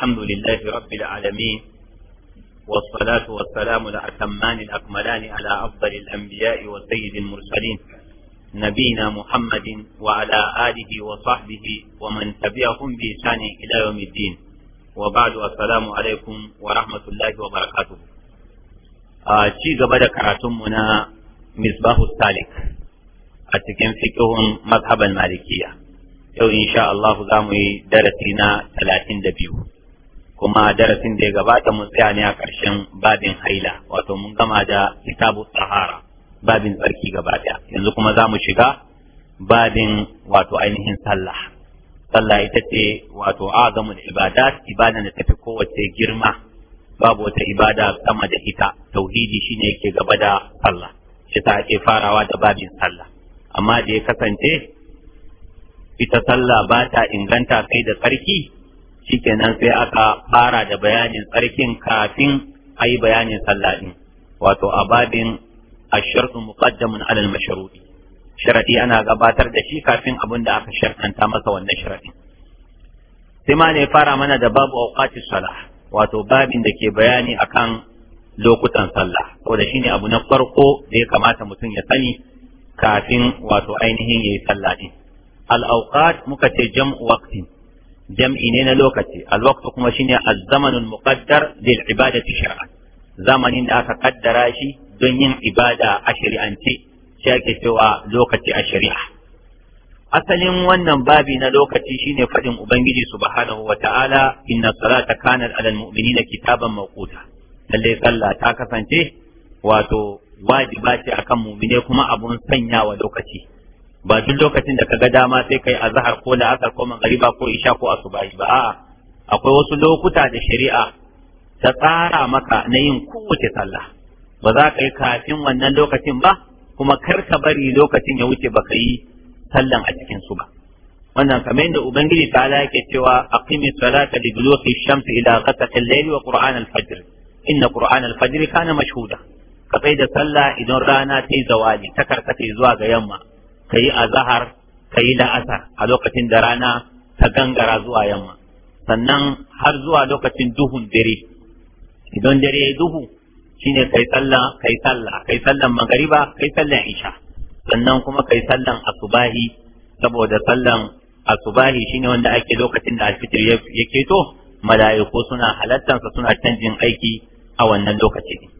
الحمد لله رب العالمين والصلاة والسلام الأتمان الأكملان على أفضل الأنبياء وسيد المرسلين نبينا محمد وعلى آله وصحبه ومن تبعهم بإحسان إلى يوم الدين وبعد السلام عليكم ورحمة الله وبركاته ci gaba da karatunmu na misbahu salik a cikin fikihun mazhaban malikiya yau insha Allah za mu yi darasi na talatin da biyu kuma darasin da ya gabata mun tsaya ne a ƙarshen babin haila wato mun gama da kitabu sahara babin tsarki gaba daya yanzu kuma za mu shiga babin wato ainihin sallah sallah ita ce wato azamul da ibada da tafi kowace girma babu wata ibada sama da ita tauhidi shine yake gaba da sallah shi ta ake farawa da babin sallah amma da ya kasance ita sallah ba ta inganta kai da tsarki shikenan sai aka fara da bayanin tsarkin kafin a yi bayanin sallah ɗin wato a babin الشرط مقدم على sharadi ana gabatar da shi kafin abin da aka shartanta masa wannan sharadi sai ma ne fara mana da babu awqatis salah wato babin da ke bayani akan lokutan sallah ko da shine abu na farko da ya kamata mutum ya sani kafin wato ainihin yayi sallah din al awqat muka ce jam'u waqtin jam'i ne na lokaci alwaqtu kuma shine az-zamanul muqaddar lil ibadati shar'an zamanin da aka kaddara shi don yin ibada a shari'ance shi ake cewa lokaci a shari'a asalin wannan babi na lokaci shine faɗin ubangiji subhanahu wata'ala inna salata kanat alal mu'minina kitaban mawquta lalle sallah ta kasance wato wajiba ce akan mu'mine kuma abun sanyawa lokaci ba duk lokacin da kaga dama sai kai azhar ko la'asar ko magriba ko isha ko asubahi ba a'a akwai wasu lokuta da shari'a ta tsara maka na yin kowace sallah ba za ka yi kafin wannan lokacin ba kuma kar ka bari lokacin ya wuce baka yi sallan a cikin su ba wannan kamar yadda ubangiji ta ala yake cewa aqimi salata li duluqi shamsi ila ghasaqi al-layl wa qur'an al-fajr inna qur'an al-fajr kana mashhuda ka da sallah idan rana ta yi zawali ta karkace zuwa ga yamma ka yi azahar ka yi la'asar a lokacin da rana ta gangara zuwa yamma sannan har zuwa lokacin duhun dare idan dare ya duhu shine kai sallah kai sallah kai sallan magariba kai sallan isha sannan kuma kai sallan asubahi saboda sallan asubahi shine wanda ake lokacin da alfitir ya keto mala'iku suna halattansa suna canjin aiki a wannan lokacin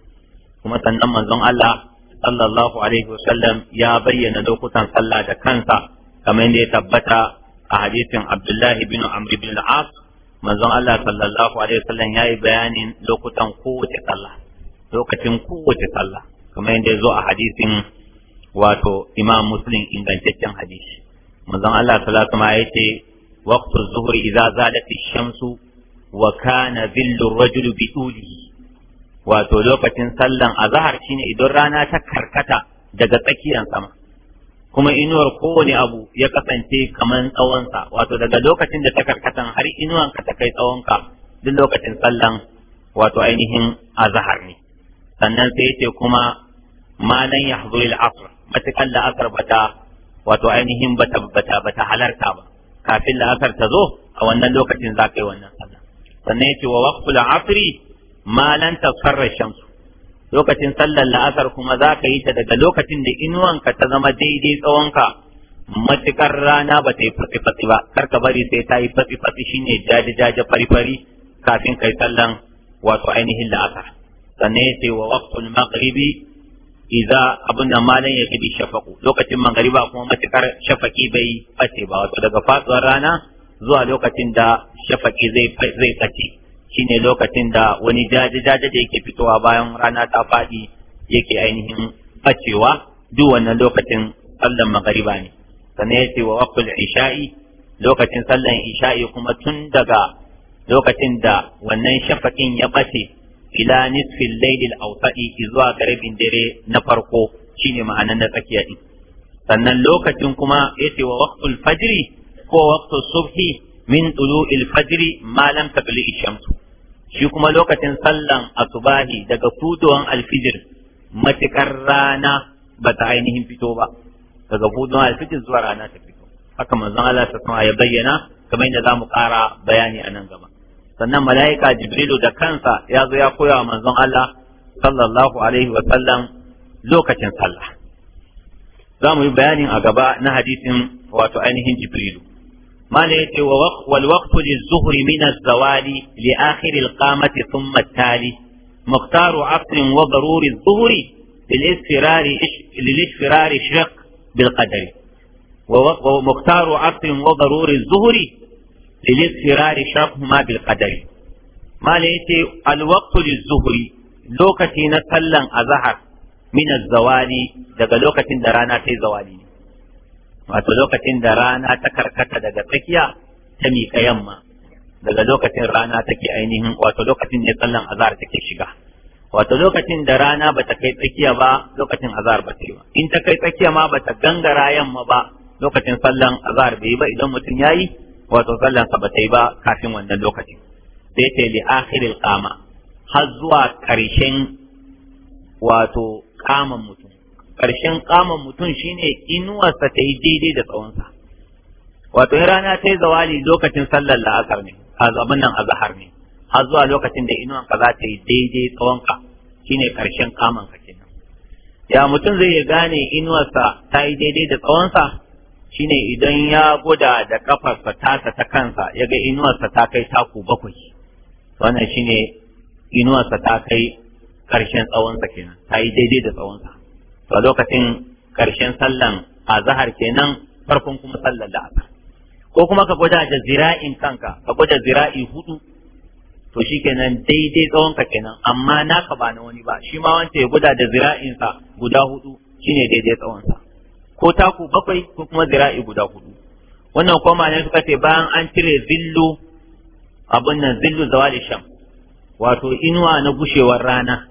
kuma sannan manzon Allah sallallahu alaihi wasallam ya bayyana lokutan sallah da kansa kamar yadda ya tabbata a hadisin Abdullahi bin Amr bin al-As manzon Allah sallallahu alaihi wasallam yayi bayanin lokutan kowace sallah lokacin kowace sallah kamar yadda ya zo a hadisin wato Imam Muslim ingantaccen hadisi manzon Allah sallallahu alaihi wasallam yace waqtu zuhri idza zalat ash-shamsu wa kana dhillu ar-rajuli bi wato lokacin sallan azhar shine idan rana ta karkata daga tsakiyar sama kuma inuwar kowane abu ya kasance kamar tsawonsa wato daga lokacin da ta karkatan har inuwanka ta kai tsawonka duk lokacin sallan wato ainihin azhar ne sannan sai yace kuma ma lan yahdhur al-asr matakan da asar bata wato ainihin bata bata bata halarta ba kafin la'asar ta zo a wannan lokacin za ka yi wannan sallah sannan yace wa waqtul asri malan tasfarra shamsu lokacin sallar la'asar kuma za ka yi ta daga lokacin da inuwanka ta zama daidai tsawonka matukar rana ba ta yi fatsi-fatsi ba kar ka bari sai ta yi fatsi-fatsi shine jaje-jaje fari-fari kafin kai sallan wato ainihin la'asar sannan ya ce wa waqtul maghribi abin da malan ya bi shafaku lokacin Magariba kuma matukar shafaki bai fate ba wato daga faduwar rana zuwa lokacin da shafaƙi zai zai shine lokacin da wani jaje-jaje da yake fitowa bayan rana ta faɗi yake ainihin ɓacewa duk wannan lokacin sallan magariba ne sannan ya ce wa waqtul isha'i lokacin sallan isha'i kuma tun daga lokacin da wannan shafaƙin ya ɓace ila nisfin lailil awsa'i zuwa garibin dare na farko shine ma'anar na tsakiya din sannan lokacin kuma ya ce wa waqtul fajri ko waqtul subhi min tulu'il fajri malam lam taqli shamsu shi kuma lokacin sallan asubahi daga fitowan alfijir matukar rana ba ta ainihin fito ba daga fitowan alfijir zuwa rana ta fito haka manzon Allah ta sama ya bayyana kamar yadda zamu ƙara bayani a nan gaba sannan mala'ika jibrilu da kansa ya zo ya koya wa manzon Allah sallallahu alaihi wa sallam lokacin sallah za mu yi bayanin a gaba na hadisin wato ainihin jibrilu ما ليت والوقت للظهر من الزوال لآخر القامة ثم التالي مختار عصر وضرور الظهر للإسفرار شق بالقدر ومختار عصر وضرور الظهر للإسفرار شقهما بالقدر ما ليت الوقت للظهر لوكتي نسلا أزهر من الزوال دقا لوكتي درانا في زوالي wato lokacin da rana ta karkata daga tsakiya ta miƙa yamma daga lokacin rana take ainihin wato lokacin da sallan azhar take shiga wato lokacin da rana ba ta kai tsakiya ba lokacin azhar ba ba in ta kai tsakiya ma ba ta gangara yamma ba lokacin sallan azhar bai ba idan mutum yayi wato sallan sa ba ta yi ba kafin wannan lokacin sai ta li akhiril qama har zuwa karshen wato kaman mutum ƙarshen kaman mutum shine inuwarsa ta yi daidai da tsawonsa wato in rana ta yi zawali lokacin sallar la'asar ne a zaman nan a zahar ne har zuwa lokacin da ka za ta yi daidai tsawonka shine ƙarshen kaman ka kenan ya mutum zai ya gane inuwarsa ta yi daidai da tsawonsa shine idan ya guda da kafarsa tasa ta kansa ya ga inuwarsa ta kai taku bakwai wannan shine inuwarsa ta kai ƙarshen tsawonsa kenan ta yi daidai da tsawonsa to lokacin karshen sallan zahar kenan farkon kuma sallar asar ko kuma ka gwada da zira'in kanka ka gwada zira'i hudu to shikenan daidai tsawon ka kenan amma naka ba na wani ba shi ma wanda ya gwada da zira'insa guda hudu shine daidai tsawon sa ko taku bakwai ko kuma zira'i guda hudu wannan kuma ne suka ce bayan an cire zillu abun nan zillu zawali sham wato inuwa na gushewar rana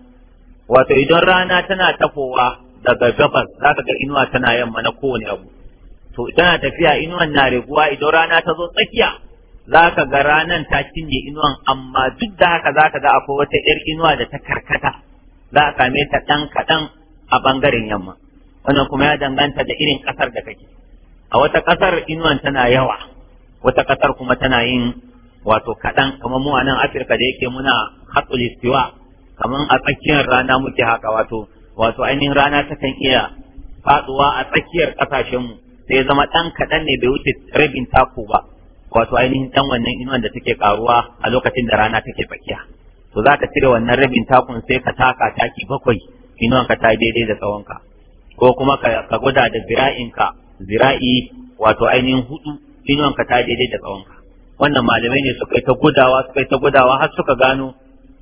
wato idan rana tana tafowa daga gabas ka ga inuwa tana yamma na kowane abu to tana tafiya inuwan na raguwa idan rana ta zo tsakiya Za ka ga ranan ta cinye inuwan amma duk da haka za ka ga akwai wata yar inuwa da ta karkata za a same ta ɗan kaɗan a ɓangaren yamma wannan kuma ya danganta da irin ƙasar da kake a wata ƙasar inuwan tana yawa wata ƙasar kuma tana yin wato kaɗan kamar mu a nan afirka da yake muna hatsul istiwa kamar a tsakiyar rana muke haka wato wato ainihin rana takan iya faduwa a tsakiyar ƙasashenmu sai zama ɗan kaɗan ne bai wuce rabin taku ba wato ainihin ɗan wannan inuwan da take karuwa a lokacin da rana take tsakiya to za ka cire wannan rabin takun sai ka taka taki bakwai inuwan ka ta daidai da tsawonka ko kuma ka gwada da zira'inka zira'i wato ainihin hudu inuwan ka ta daidai da tsawonka wannan malamai ne suka yi ta gudawa suka yi ta gudawa har suka gano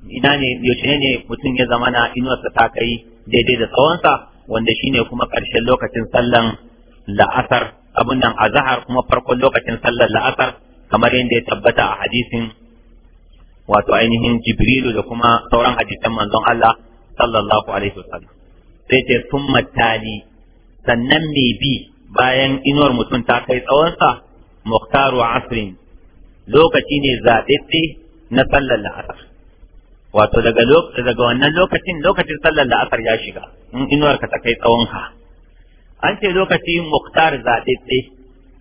ina ne yaushe ne mutum ya zama na inuwarsa ta kai daidai da tsawonsa wanda shine kuma ƙarshen lokacin sallan la'asar abin nan azahar kuma farkon lokacin sallar la'asar kamar yadda ya tabbata a hadisin wato ainihin jibrilu da kuma sauran hadisan manzon Allah sallallahu alaihi wasallam sai ce summa matali sannan mai bi bayan inuwar mutum ta kai tsawonsa muktaru asrin lokaci ne zaɓe na sallar la'asar wato daga daga wannan lokacin lokacin sallar la'asar ya shiga in inuwar ka ta kai tsawon ka an ce lokacin muktar zaɗaɗɗe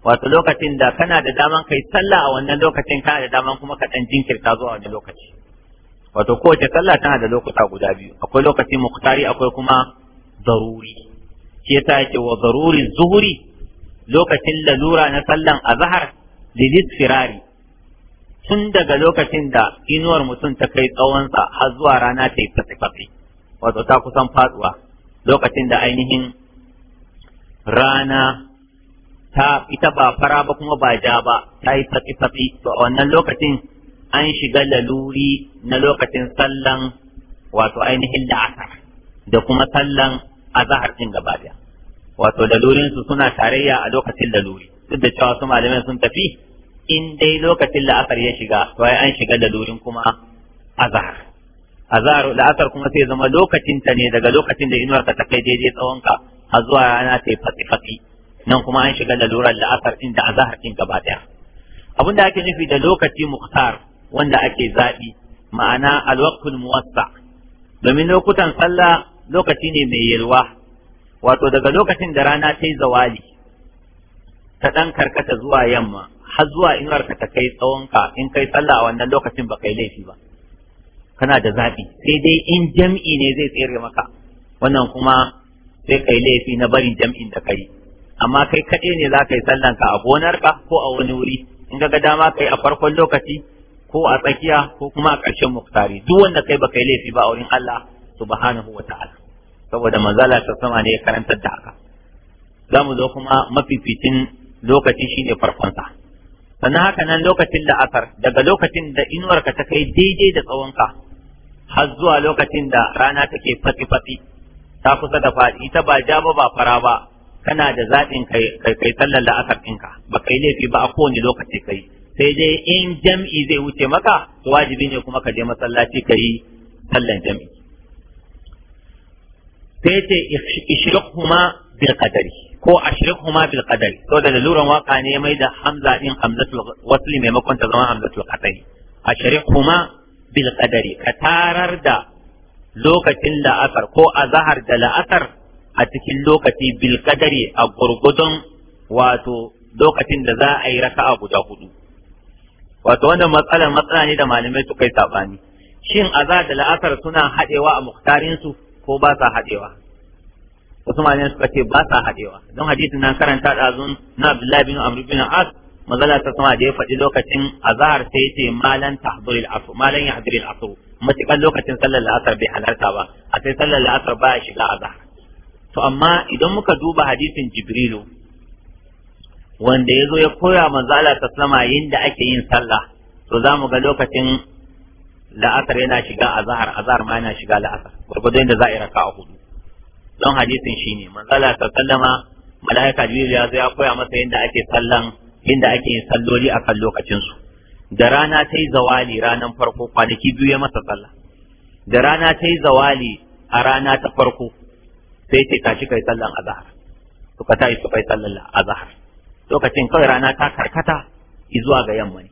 wato lokacin da kana da daman kai sallah a wannan lokacin kana da daman kuma ka dan jinkirta zuwa wani lokaci wato kowace sallah tana da lokuta guda biyu akwai lokacin muktari akwai kuma zaruri shi yasa yake wa zaruri zuhuri lokacin lalura na sallan azhar lilisfirari tun daga lokacin da inuwar mutum ta kai tsawonsa har zuwa rana ta yi fatsi wato ta kusan faduwa lokacin da ainihin rana ta ita ba fara ba kuma ba ja ba ta yi fatsi to a wannan lokacin an shiga laluri na lokacin sallan wato ainihin la'asar da kuma sallan azahar din gaba wato lalurinsu suna tarayya a lokacin laluri duk da cewa su malamai sun tafi in dai lokacin la'asar ya shiga to an shiga da lurin kuma azhar azhar la'asar kuma sai zama lokacin ta ne daga lokacin da inuwar ka ta kai daidai tsawon ka har zuwa rana ta fati fati nan kuma an shiga da lurar la'asar din da azhar din gaba daya abin da ake nufi da lokaci muqtar wanda ake zaɓi ma'ana alwaqtul muwassa domin lokutan sallah lokaci ne mai yalwa wato daga lokacin da rana ta yi zawali ta ɗan karkata zuwa yamma har zuwa in harka ta kai tsawon ka in kai sallah a wannan lokacin ba kai laifi ba kana da zaɓi sai dai in jam'i ne zai tsere maka wannan kuma sai kai laifi na barin jam'in da kai amma kai kaɗai ne za ka yi sallan ka a gonarka ko a wani wuri in ga dama kai a farkon lokaci ko a tsakiya ko kuma a ƙarshen muktari duk wanda kai ba kai laifi ba a wurin Allah subhanahu wa ta'ala saboda manzala ta sama ne ya karantar da haka za mu zo kuma mafificin lokaci shine farkon sa sannan haka nan lokacin da asar daga lokacin da inuwarka ta kai daidai da tsawonka har zuwa lokacin da rana take fati-fati ta kusa da faɗi ita ba ja ba ba fara ba kana da zaɗin kai kai sallar da asar ɗinka ba kai laifi ba a kowane lokaci kai sai dai in jam'i zai wuce maka to wajibi ne kuma ka je masallaci ka yi sallar jam'i sai ce kuma bil qadari ko ashrikuma bil qadari to da laluran waka ne mai da hamza din hamzatul wasli maimakon ta zama hamzatul qadari ashrikuma bil qadari ka tarar da lokacin da asar ko azahar da la'asar a cikin lokaci bil qadari a gurgudun wato lokacin da za a yi raka'a guda hudu wato wannan matsalar matsala ne da malamai suka yi sabani shin azhar da la'asar suna haɗewa a muktarinsu ko ba sa haɗewa wasu malaman suka ce ba sa haɗewa don hadisin nan karanta ɗazun na abdullahi bin amr bin as mazala ta sama da ya faɗi lokacin azahar sai ya ce malan tahduril asr malan yahduril asr matukan lokacin sallar la'asar bai halarta ba a sai sallar la'asar ba ya shiga azhar to amma idan muka duba hadisin jibrilu wanda ya zo ya koya manzala ta sama yadda ake yin sallah to za mu ga lokacin la'asar yana shiga azahar, azahar ma yana shiga la'asar gurgurdo yadda za a yi a hudu don hadisin shine manzala ta sallama malaika jibril ya zo ya koya masa yadda ake sallan inda ake yin salloli a kan lokacin su da rana ta yi zawali ranar farko kwanaki biyu ya masa sallah da rana ta yi zawali a rana ta farko sai ce tashi kai sallan azhar to ka tashi kai sallan azhar lokacin kawai rana ta karkata zuwa ga yamma ne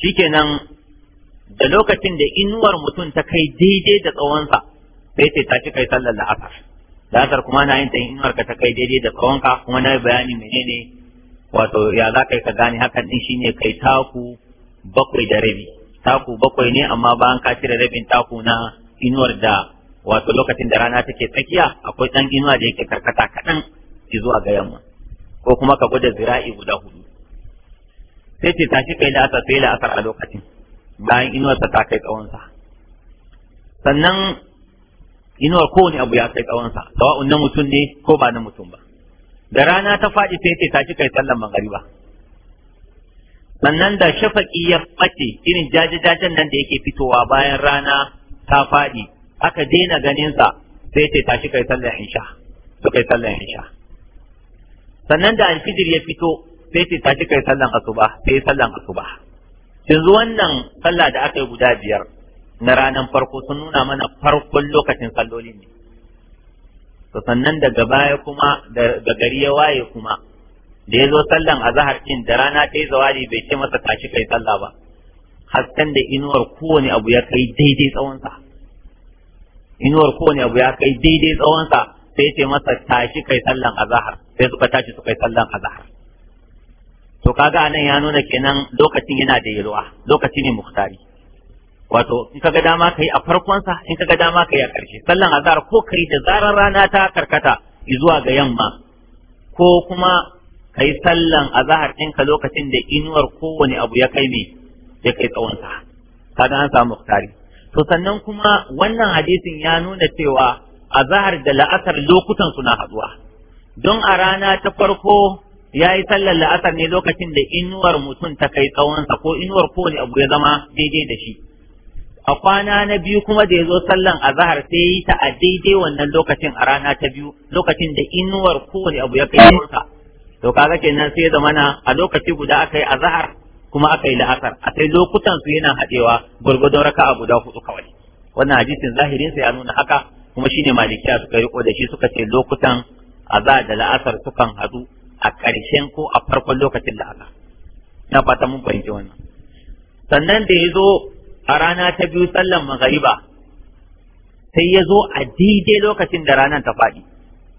shikenan da lokacin da inuwar mutum ta kai daidai da tsawonsa sai ce tashi kai sallar la'asar la'asar kuma na yin ta in ka ta kai daidai da kawanka kuma na bayani menene wato ya za ka yi ka gane hakan din shine kai taku bakwai da rabi taku bakwai ne amma bayan ka cire rabin taku na inuwar da wato lokacin da rana take tsakiya akwai ɗan inuwa da yake karkata kaɗan zuwa ga yamma ko kuma ka gwada zira'i guda hudu sai ce tashi kai da asar sai la'asar a lokacin bayan inuwarsa ta kai tsawonsa sannan inuwar kowane abu ya kai tsawonsa sawa'un na mutum ne ko ba na mutum ba da rana ta faɗi sai ce tashi kai sallan magariba sannan da shafaƙi ya ɓace irin jajajajen nan da yake fitowa bayan rana ta faɗi aka daina ganinsa sai ce tashi kai sallan insha su kai sallan insha sannan da alfijir ya fito sai ce tashi kai sallan asuba sai sallan asuba yanzu wannan sallah da aka yi guda biyar na ranar farko sun nuna mana farkon lokacin salloli ne to sannan daga baya kuma da gari ya waye kuma da ya zo sallan azahar ɗin da rana ɗaya zawadi bai ce masa tashi kai sallah ba hasken da inuwar kowane abu ya kai daidai tsawonsa inuwar kowane abu ya kai daidai tsawonsa sai ce masa tashi kai sallan azahar sai suka tashi suka yi sallan azahar to kaga anan ya nuna kenan lokacin yana da yalwa lokaci ne muktari wato in kaga dama kai a farkon sa in kaga dama kai a karshe sallan azhar ko kai da zarar rana ta karkata zuwa ga yamma ko kuma kai sallan azhar din ka lokacin da inuwar kowane abu ya kai ne ya kai tsawon sa kaga an samu muktari to sannan kuma wannan hadisin ya nuna cewa azhar da la'asar lokutan suna haduwa don a rana ta farko ya yi sallar la'asar ne lokacin da inuwar mutum ta kai tsawonsa ko inuwar kowane abu ya zama daidai da shi a kwana na biyu kuma da ya zo sallan azahar sai yi ta a daidai wannan lokacin a rana ta biyu lokacin da inuwar kowane abu ya kai murka to kaga kenan sai ya na a lokaci guda aka yi azahar kuma aka yi la'asar a sai lokutan su yana haɗewa gwargwadon raka a guda hudu kawai wannan hadisin zahirin sa ya nuna haka kuma shine malikiya suka riko da shi suka ce lokutan za da la'asar sukan haɗu a ƙarshen ko a farkon lokacin da aka na fata mun fahimci wannan sannan da ya zo a rana ta biyu sallan magariba sai ya zo a daidai lokacin da ranar ta faɗi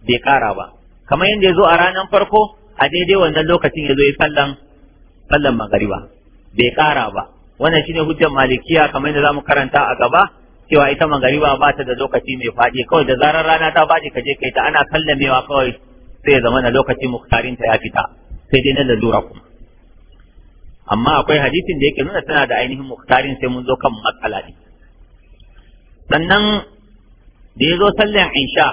bai ƙara ba kamar yadda ya zo a ranan farko a daidai wannan lokacin ya zo ya sallan sallan magariba bai ƙara ba wannan shine hujjar malikiya kamar yadda zamu karanta a gaba cewa ita magariba ba ta da lokaci mai faɗi kawai da zarar rana ta faɗi ka je kai ta ana sallamewa kawai sai ya zama na lokacin muktarinta ya fita sai dai na lalura kuma amma akwai hadisin da yake nuna tana da ainihin muktarin sai mun zo kan matsala ne sannan da ya zo sallan isha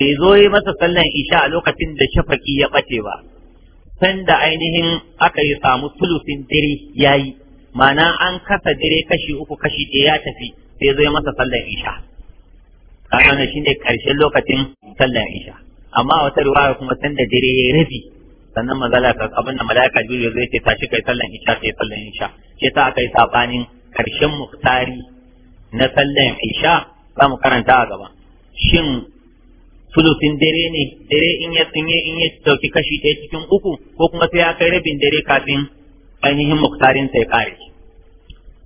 bai zo yi masa sallan isha a lokacin da shafaki ya bace ba San da ainihin aka yi samu sulusin dare yi mana an kasa dare kashi uku kashi ɗaya ya tafi sai zo yi masa sallan isha kaga shi ne ƙarshen lokacin sallan isha amma a wata ruwa kuma san da dare ya rabi sannan manzala ka abin da malaika jibril zai ce tashi kai sallan isha sai sallan isha ce ta aka yi sabanin karshen muktari na sallan isha za mu karanta a gaba shin sulusin dare ne dare in ya tsinye in ya dauki kashi ɗaya cikin uku ko kuma sai ya kai rabin dare kafin ainihin muktarin sai kare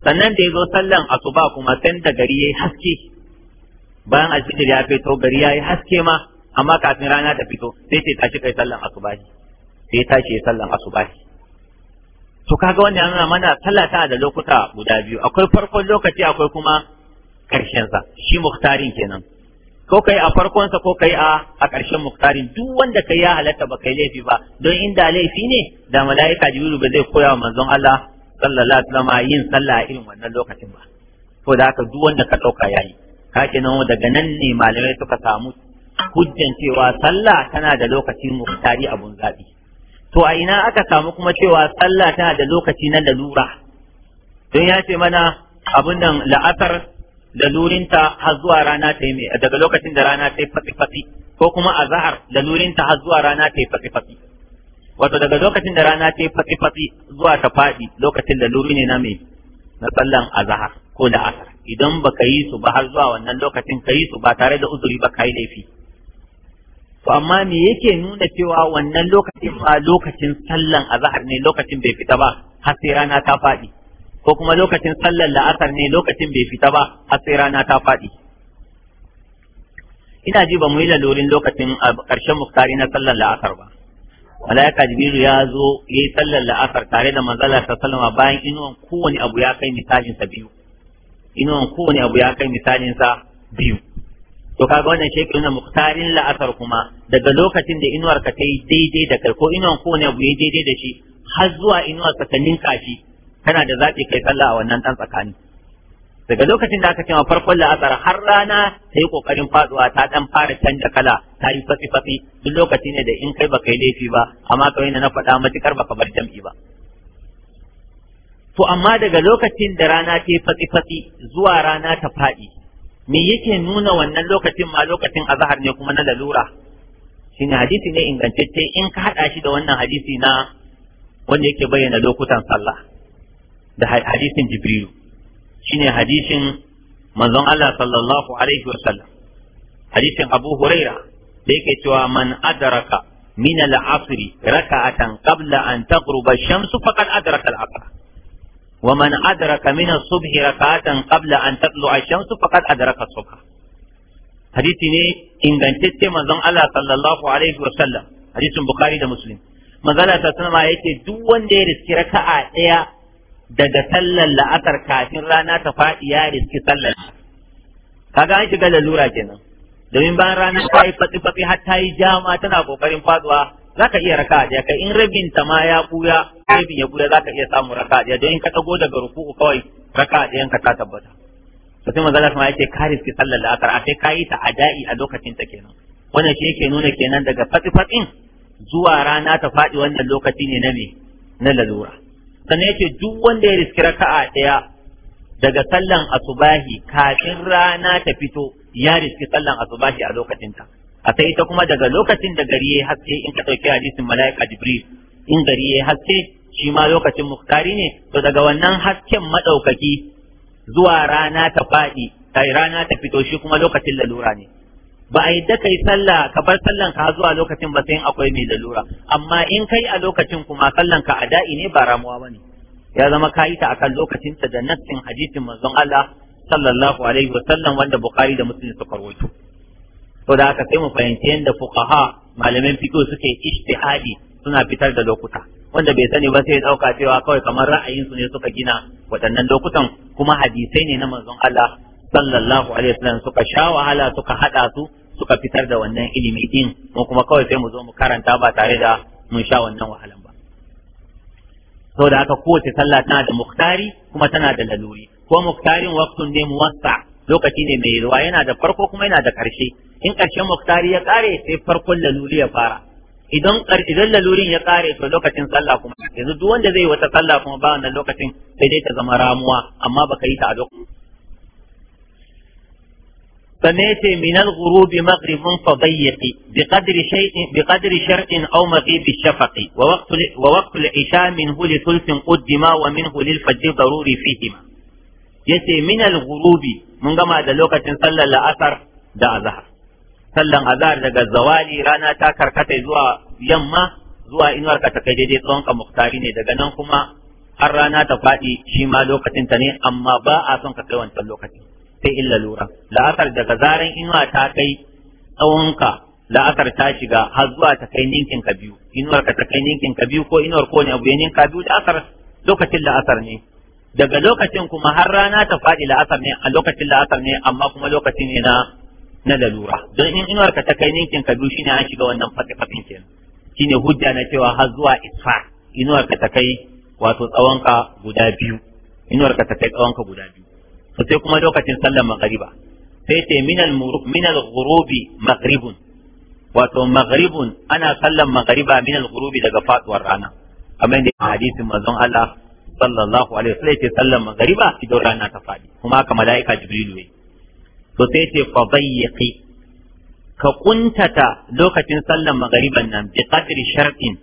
sannan da ya zo sallan asuba kuma san da gari yayi haske bayan alfijir ya fito gari yayi haske ma amma kafin rana ta fito sai ce tashi kai sallan asuba sai ya tashi ya sallan asuba to kaga wanda yana mana sallah ta da lokuta guda biyu akwai farkon lokaci akwai kuma karshen sa shi muktarin kenan ko kai a farkon sa ko kai a a karshen muktarin duk wanda kai ya halatta ba kai laifi ba don inda laifi ne da mala'ika jibrilu ba zai koya wa manzon Allah sallallahu alaihi wasallam yin sallah irin wannan lokacin ba to da haka duk wanda ka dauka yayi ka kenan daga nan ne malamai suka samu hujjan cewa sallah tana da lokacin muktari abun zabi to a ina aka samu kuma cewa sallah tana da lokaci na lalura don ya ce mana abun nan la'asar lalurinta har zuwa rana ta yi daga lokacin da rana ta yi fatsi-fatsi ko kuma azahar lalurinta har zuwa rana ta yi fatsi-fatsi wato daga lokacin da rana ta yi fatsi-fatsi zuwa ta faɗi lokacin laluri ne na mai na sallan azahar ko da asar idan ba ka yi su ba har zuwa wannan lokacin ka yi su ba tare da uzuri ba ka yi laifi to amma me yake nuna cewa wannan lokacin ba lokacin sallan azhar ne lokacin bai fita ba har sai rana ta faɗi ko kuma lokacin sallan la'asar ne lokacin bai fita ba har sai rana ta faɗi ina ji ba mu yi lalorin lokacin ƙarshen muftari na sallan la'asar ba malaika jibiru ya zo ya yi sallar la'asar tare da manzala ta salama bayan inuwan kowane abu ya kai misalin sa biyu inuwan kowane abu ya kai misalin sa biyu to kaga wannan shi ke muktarin la'asar kuma daga lokacin da inuwar ka ta yi daidai da kai ko inuwar ko ne ya daidai da shi har zuwa inuwar ka ta ninka shi kana da zaɓi kai sallah a wannan ɗan tsakani daga lokacin da aka cewa farkon la'asar har rana ta yi ƙoƙarin faɗuwa ta ɗan fara canja kala ta yi fatsi-fatsi duk lokaci ne da in kai baka yi laifi ba amma kawai na faɗa matuƙar baka bar jam'i ba. To amma daga lokacin da rana ta yi fatsi-fatsi zuwa rana ta faɗi me yake nuna wannan lokacin ma lokacin azhar ne kuma na lalura shine hadisi ne ingantacce in ka hada shi da wannan hadisi na wanda yake bayyana lokutan sallah da hadisin jibrilu shine hadisin manzon Allah sallallahu alaihi wa sallam hadisin Abu Huraira da yake cewa man adraka min al-asr raka'atan qabla an taghruba ash-shams faqad adraka al-asr ومن أدرك من الصبح ركعة قبل أن تطلع الشمس فقد أدرك الصبح حديث ني إن دنتت منظم الله صلى الله عليه وسلم حديث بخاري ده مسلم منظم الله صلى الله عليه وسلم يأتي دوان دي رسك ركعة إيا daga sallar la'asar kafin rana ta faɗi ya riski sallar kaga an shiga lalura kenan domin bayan rana ta yi fatsi-fatsi har ta yi jama tana kokarin faduwa za ka iya raka'a a kai in rabin ta ma ya buya rabin ya buya za ka iya samu raka ɗaya don in ka tago daga ruku'u kawai raka'a ɗayan ka ta tabbata to sai manzo Allah yake karis ki sallar la'asar a sai kayi ta adai a lokacin ta kenan wannan shi yake nuna kenan daga fati fatin zuwa rana ta fadi wannan lokaci ne na me na lalura sannan yace duk wanda ya riski raka'a ɗaya daga sallan asubahi kafin rana ta fito ya riski sallan asuba shi a lokacin ta a sai ita kuma daga lokacin da gari ya haske in ka ɗauki hadisin mala'ika jibril in gari ya haske shi ma lokacin muktari ne to daga wannan hasken madaukaki zuwa rana ta faɗi sai rana ta fito shi kuma lokacin lalura ne ba a yadda kai sallah ka bar sallan ka zuwa lokacin ba sai akwai mai lalura amma in kai a lokacin kuma sallan ka a da'i ne ba ramuwa bane ya zama ka yi ta akan lokacin ta da nassin hadisin manzon Allah sallallahu alaihi wa sallam wanda Bukari da muslim suka rawaito to da haka sai mu fahimci yadda fuqaha malaman fiqh suke ijtihadi suna fitar da lokuta wanda bai sani ba sai ya dauka cewa kawai kamar ra'ayin su ne suka gina waɗannan lokutan kuma hadisai ne na manzon Allah sallallahu alaihi wasallam suka sha wahala suka hada su suka fitar da wannan ilimi din mu kuma kawai sai mu zo mu karanta ba tare da mun sha wannan wahalan da haka kowace sallah tana da muktari kuma tana da laluri ko muktarin waktun ne muwassa lokaci ne mai ruwa yana da farko kuma yana da karshe in karshen muktari ya kare sai farkon laluri ya fara idan idan lalurin ya kare to lokacin sallah kuma yanzu duk wanda zai wata sallah kuma ba wannan lokacin sai dai ta zama ramuwa amma baka yi ta a lokacin سميت من الغروب مغرب فضيق بقدر شيء بقدر شرع او مغيب الشفق ووقت ووقت العشاء منه لثلث قدما ومنه للفجر ضروري فيهما. يتي من الغروب من كما دلوكة صلى الأثر دا ظهر. صلى أزار دا الزوالي رانا تاكر كتي زوا يما زوا إنوار كتكي دي تونك مختارين دا ننكما har rana ta faɗi shi ma lokacin ta ne amma ba a son ka kai wancan lokacin sai illa lura la'asar daga zaran inuwa ta kai tsawonka la'asar ta shiga har zuwa ta kai ninkin ka biyu inuwar ka ta kai ninkin ka biyu ko inuwar ko ne abu ya ninka biyu la'asar lokacin la'asar ne daga lokacin kuma har rana ta faɗi la'asar ne a lokacin la'asar ne amma kuma lokaci ne na na lalura don in inuwar ka ta kai ninkin ka biyu shine an shiga wannan fati fatin kenan shine hujja na cewa har zuwa isfa inuwar ka ta kai wato tsawonka guda biyu inuwar ka ta kai tsawonka guda biyu sai kuma lokacin sallar magariba sai ce minal minal ghurubi maghribun wato maghribun ana sallar magariba minal ghurubi daga faduwar rana kamar da hadisin manzon Allah sallallahu alaihi wasallam ce sallar magariba idan rana ta fadi kuma haka malaika jibrilu yayi to sai ce fa dayyiqi ka kuntata lokacin sallar magariban nan bi qadri shar'in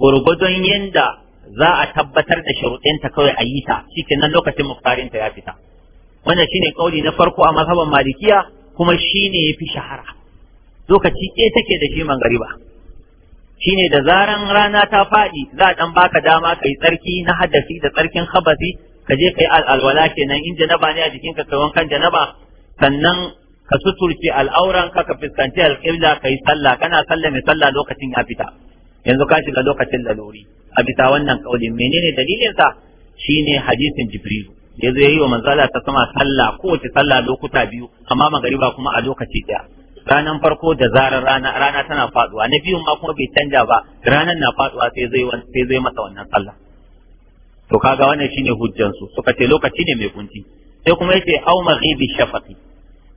gurgudun yanda za a tabbatar da sharuɗinta kawai a yi ta shi shikenan lokacin muftarinta ya fita wannan shine kauli na farko a mazhaban malikiya kuma shine yafi shahara lokaci ke take da shi mangariba shine da zaran rana ta faɗi za dan baka dama kai tsarki na hadasi da tsarkin habasi ka je kai alwala kenan in janaba ne a jikinka kai kan janaba sannan ka suturce auran ka ka fuskanci qibla kai sallah kana sallah mai sallah lokacin ya fita yanzu ka shiga lokacin lalori a bisa wannan kaulin menene dalilin sa shine hadisin jibrilu ya zai yi wa manzala ta sama sallah kowace sallah lokuta biyu amma magariba kuma a lokaci daya ranan farko da zarar rana rana tana faduwa na biyun ma kuma bai canja ba ranan na faduwa sai zai sai zai masa wannan sallah to kaga wannan shine hujjan su suka ce lokaci ne mai kunci sai kuma yace au maghibi shafaqi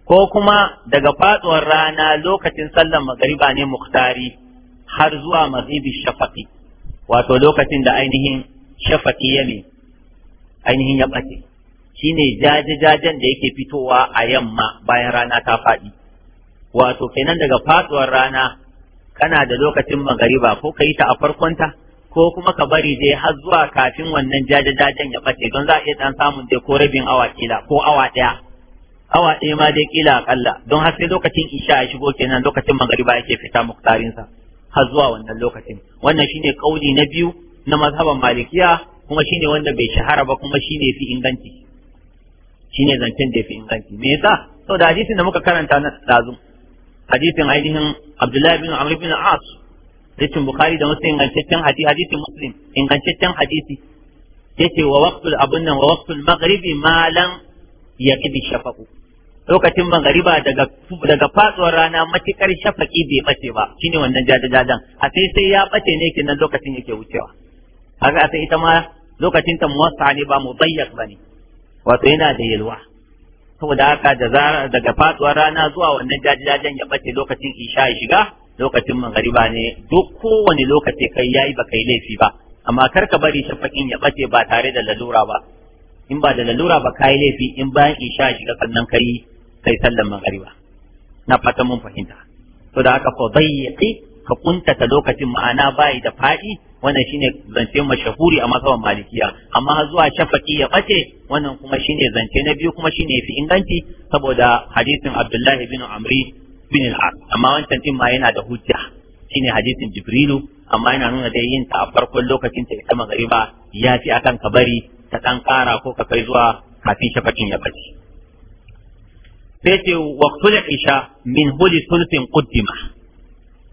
ko kuma daga faduwar rana lokacin sallar magariba ne muktari har zuwa maghibi shafaqi wato lokacin da ainihin shafaqi ya ne ainihin ya ɓace shi jaje-jajen da yake fitowa a yamma bayan rana ta faɗi wato kenan daga faɗuwar rana kana da lokacin magariba ko ka yi ta a farkonta ko kuma ka bari zai har zuwa kafin wannan jaje ya ɓace don za a iya ɗan samun dai ko rabin awa kila ko awa ɗaya awa ɗaya ma dai kila aƙalla don har sai lokacin isha ya shigo kenan lokacin magariba yake fita muktarinsa har zuwa wannan lokacin wannan shine kauli na biyu na mazhaban malikiya kuma shine wanda bai shahara ba kuma shine fi inganci shine zancen da fi inganci me yasa da hadisin da muka karanta na lazum hadisin ainihin Abdullahi bin Amr bin As hadisin Bukhari da Muslim ingantaccen hadisi hadisin Muslim ingantaccen hadisi yace wa waqtul abin nan wa waqtul maghribi ma lam yaqdi shafaqu lokacin magariba daga daga fatsuwar rana matikar shafaki bai bace ba shine wannan jajajajan a sai sai ya bace ne kinan nan lokacin yake wucewa haka sai ita ma lokacin ta muwassa ne ba mu ba ne. wato yana da yalwa saboda haka da daga fatsuwar rana zuwa wannan jajajen ya bace lokacin isha ya shiga lokacin magariba ne duk kowane lokaci kai yayi ba kai laifi ba amma kar ka bari shafakin ya bace ba tare da lalura ba in ba da lalura ba kai laifi in bayan isha shiga sannan kai sai sallan magariba na fata mun fahimta saboda haka fa bayyaki ka kuntata lokacin ma'ana bai da faɗi wannan shine zance mashahuri a mazhaban malikiya amma zuwa shafaki ya bace wannan kuma shine zance na biyu kuma shine fi inganci saboda hadisin Abdullahi bin Amri bin al-As amma wancan din ma yana da hujja shine hadisin Jibrilu amma yana nuna da yin ta a farkon lokacin ta ita magariba ya ci akan ka bari ta dan kara ko ka kai zuwa kafin shafakin ya bace sai ce waqtul isha min huli sulfin quddima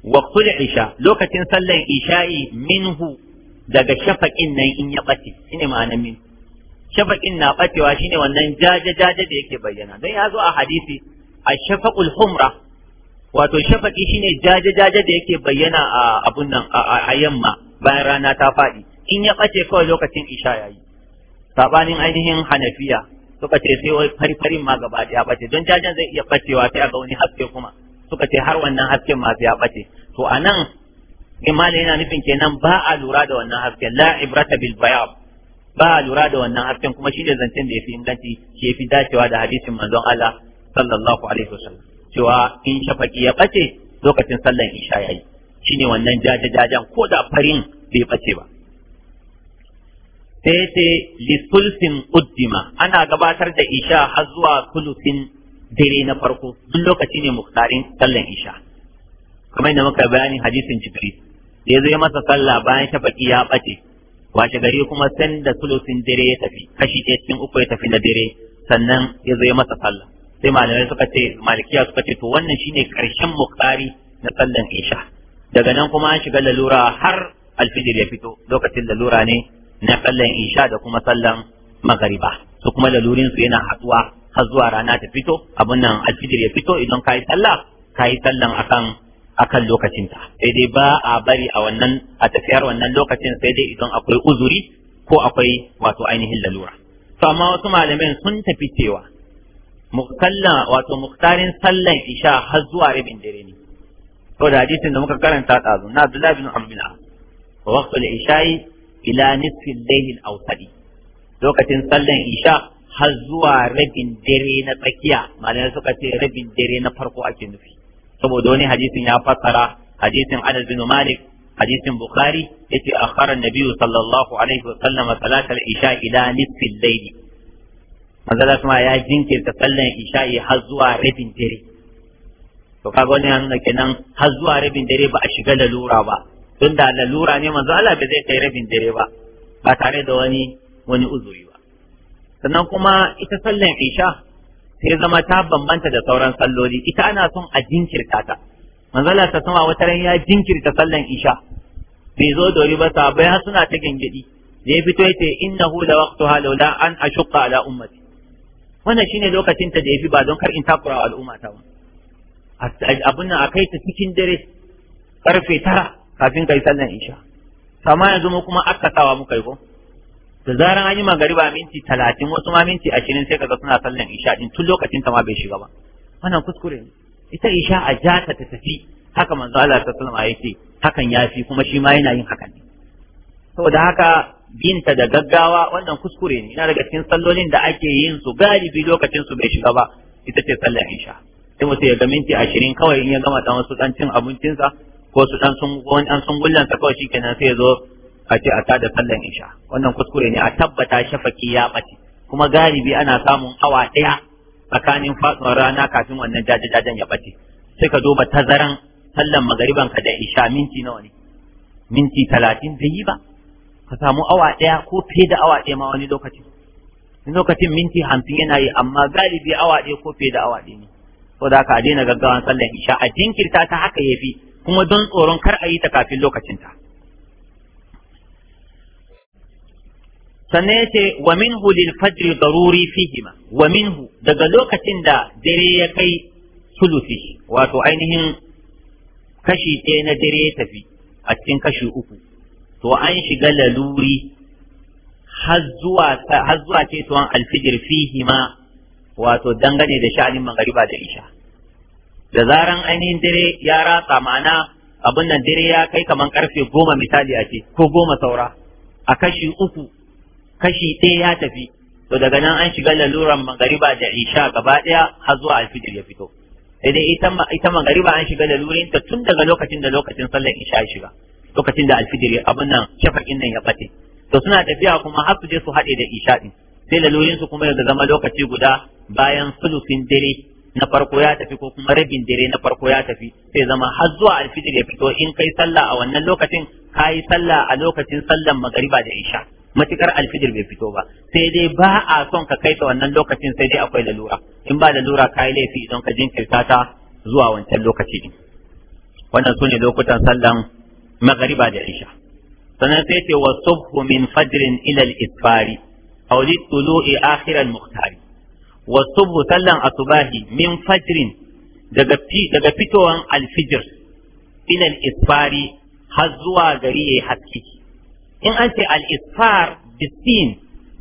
waqtul isha lokacin sallar isha'i minhu daga shafaƙin nan in ya bace shine ma'anar min na bacewa shine wannan jaje jaje da yake bayyana dan ya zo a hadisi a shafaƙul humra wato shafaƙi shine jaje jaje da yake bayyana a abun nan a yamma bayan rana ta faɗi, in ya ɓace kawai lokacin isha yi. sabanin ainihin hanafiya suka ce sai wai fari farin ma gaba ɗaya bace don jajen zai iya ɓacewa sai a ga wani haske kuma suka ce har wannan hasken masu ya bace to a nan. imani yana nufin kenan ba a lura da wannan hasken la ibrata bil bayab ba a lura da wannan hasken kuma shine zancen da ya fi inganci shi fi dacewa da hadisin manzon Allah sallallahu alaihi wasallam cewa in shafaki ya bace lokacin sallan isha yayi shine wannan jajajajan ko da farin bai bace ba sai sai lisulsin uddima ana gabatar da isha har zuwa sulusin dare na farko duk lokaci ne muktarin sallan isha kamar da muka bayanin hadisin jibri da ya zai masa sallah bayan shafaqi ya bace washe gari kuma san da sulusin dare ya tafi kashi ɗaya cikin uku ya tafi na dare sannan ya zai masa sallah sai malamai suka ce malikiya suka ce to wannan shine karshen muktari na sallan isha daga nan kuma an shiga lalura har alfijir ya fito lokacin lalura ne na sallan isha da kuma sallan magariba su kuma lalurinsu yana haɗuwa har zuwa rana ta fito abun nan alfijir ya fito idan ka yi sallah ka yi sallan akan akan lokacinta sai dai ba a bari a wannan a tafiyar wannan lokacin sai dai idan akwai uzuri ko akwai wato ainihin lalura to amma wasu malamai sun tafi cewa mukalla wato muktarin sallan isha har zuwa rabin dare ne to da hadisin da muka karanta tsazo na Abdullah bin Amr bin As waqtul isha'i ila nisfi al-layl awsadi lokacin sallan isha har zuwa rabin dare na tsakiya malamai suka ce rabin dare na farko ake nufi saboda wani hadisin ya fassara hadisin Anas bin Malik hadisin Bukhari yace akhara nabiyyu sallallahu alaihi wa sallam salatal isha ila nisfil layli manzala kuma ya jinkirta sallan isha'i har zuwa rabin dare to kaga wani yana kenan har zuwa rabin dare ba a shiga lalura ba tunda lalura ne manzo Allah bai zai kai rabin dare ba ba tare da wani wani uzuri ba sannan kuma ita sallan isha sai zama ta bambanta da sauran salloli ita ana son a jinkirta ta manzala ta sama wata ran ya jinkirta sallan isha bai zo dori ba sabai har suna ta gingidi da ya fito yace innahu la waqtuha laula an ashqa ala ummati wannan shine lokacin ta da fi ba don kar in takura al'umma ta abun nan kai ta cikin dare karfe tara kafin kai sallan isha sama yanzu mu kuma aka sawa muka yi ko da zaran an yi magariba minti talatin wasu ma minti ashirin sai kaga suna sallan isha din tun lokacin ta ma bai shiga ba wannan kuskure ne ita isha a jata ta tafi haka manzo Allah ta sallama yake hakan yafi kuma shi ma yana yin hakan ne saboda haka binta da gaggawa wannan kuskure ne yana daga cikin sallolin da ake yin su galibi lokacin su bai shiga ba ita ce sallan isha sai mutum ya ga minti ashirin kawai in ya gama dan wasu dan cin abincinsa ko su dan sun gullansa kawai shi kenan sai ya zo a ce a tada sallan isha wannan kuskure ne a tabbata shafaki ya bace kuma galibi ana samun awa daya tsakanin faduwar rana kafin wannan jajajajen ya bace sai ka duba tazaran sallan magariban ka da isha minti nawa ne minti talatin zai yi ba ka samu awa daya ko fiye da awa daya ma wani lokacin lokacin minti hamsin yana yi amma galibi awa ɗaya ko fiye da awa ɗaya ne ko da ka daina gaggawan sallan isha a jinkirta ta haka yafi kuma don tsoron kar a yi ta kafin lokacinta. ta sannan ya ce wa minhu lil fajr daruri fihima wa minhu daga lokacin da dare ya kai sulusi wato ainihin kashi ɗaya na dare ya tafi a cikin kashi uku to an shiga laluri har zuwa ce tuwan alfijir fihima wato dangane da sha'anin magariba da isha da zaran ainihin dare ya ratsa ma'ana abin nan dare ya kai kamar karfe goma misali a ce ko goma saura a kashi uku kashi ɗaya ya tafi to daga nan an shiga laluran magariba da isha gaba ɗaya har zuwa alfijir ya fito idan ita magariba an shiga lalurin ta tun daga lokacin da lokacin sallar isha ya shiga lokacin da alfijir abin nan shafakin nan ya fate to suna tafiya kuma har su je su haɗe da isha ɗin sai lalurin su kuma ya zama lokaci guda bayan sulufin dare na farko ya tafi ko kuma rabin dare na farko ya tafi sai zama har zuwa alfijir ya fito in kai sallah a wannan lokacin ka yi sallah a lokacin sallar magariba da isha matukar alfijir bai fito ba sai dai ba a son ka kai ta wannan lokacin sai dai akwai lalura in ba lalura ka yi laifi idan ka jinkirta ta zuwa wancan lokaci din wannan ne lokutan sallan magariba da isha sannan sai ce wa subhu min fajrin ila al-isfari aw li tulu'i akhir al-muhtari wa subhu sallan asubahi min fajrin daga daga fitowan alfijir ila al-isfari har zuwa gari yayi haske in an ce al-isfar bisin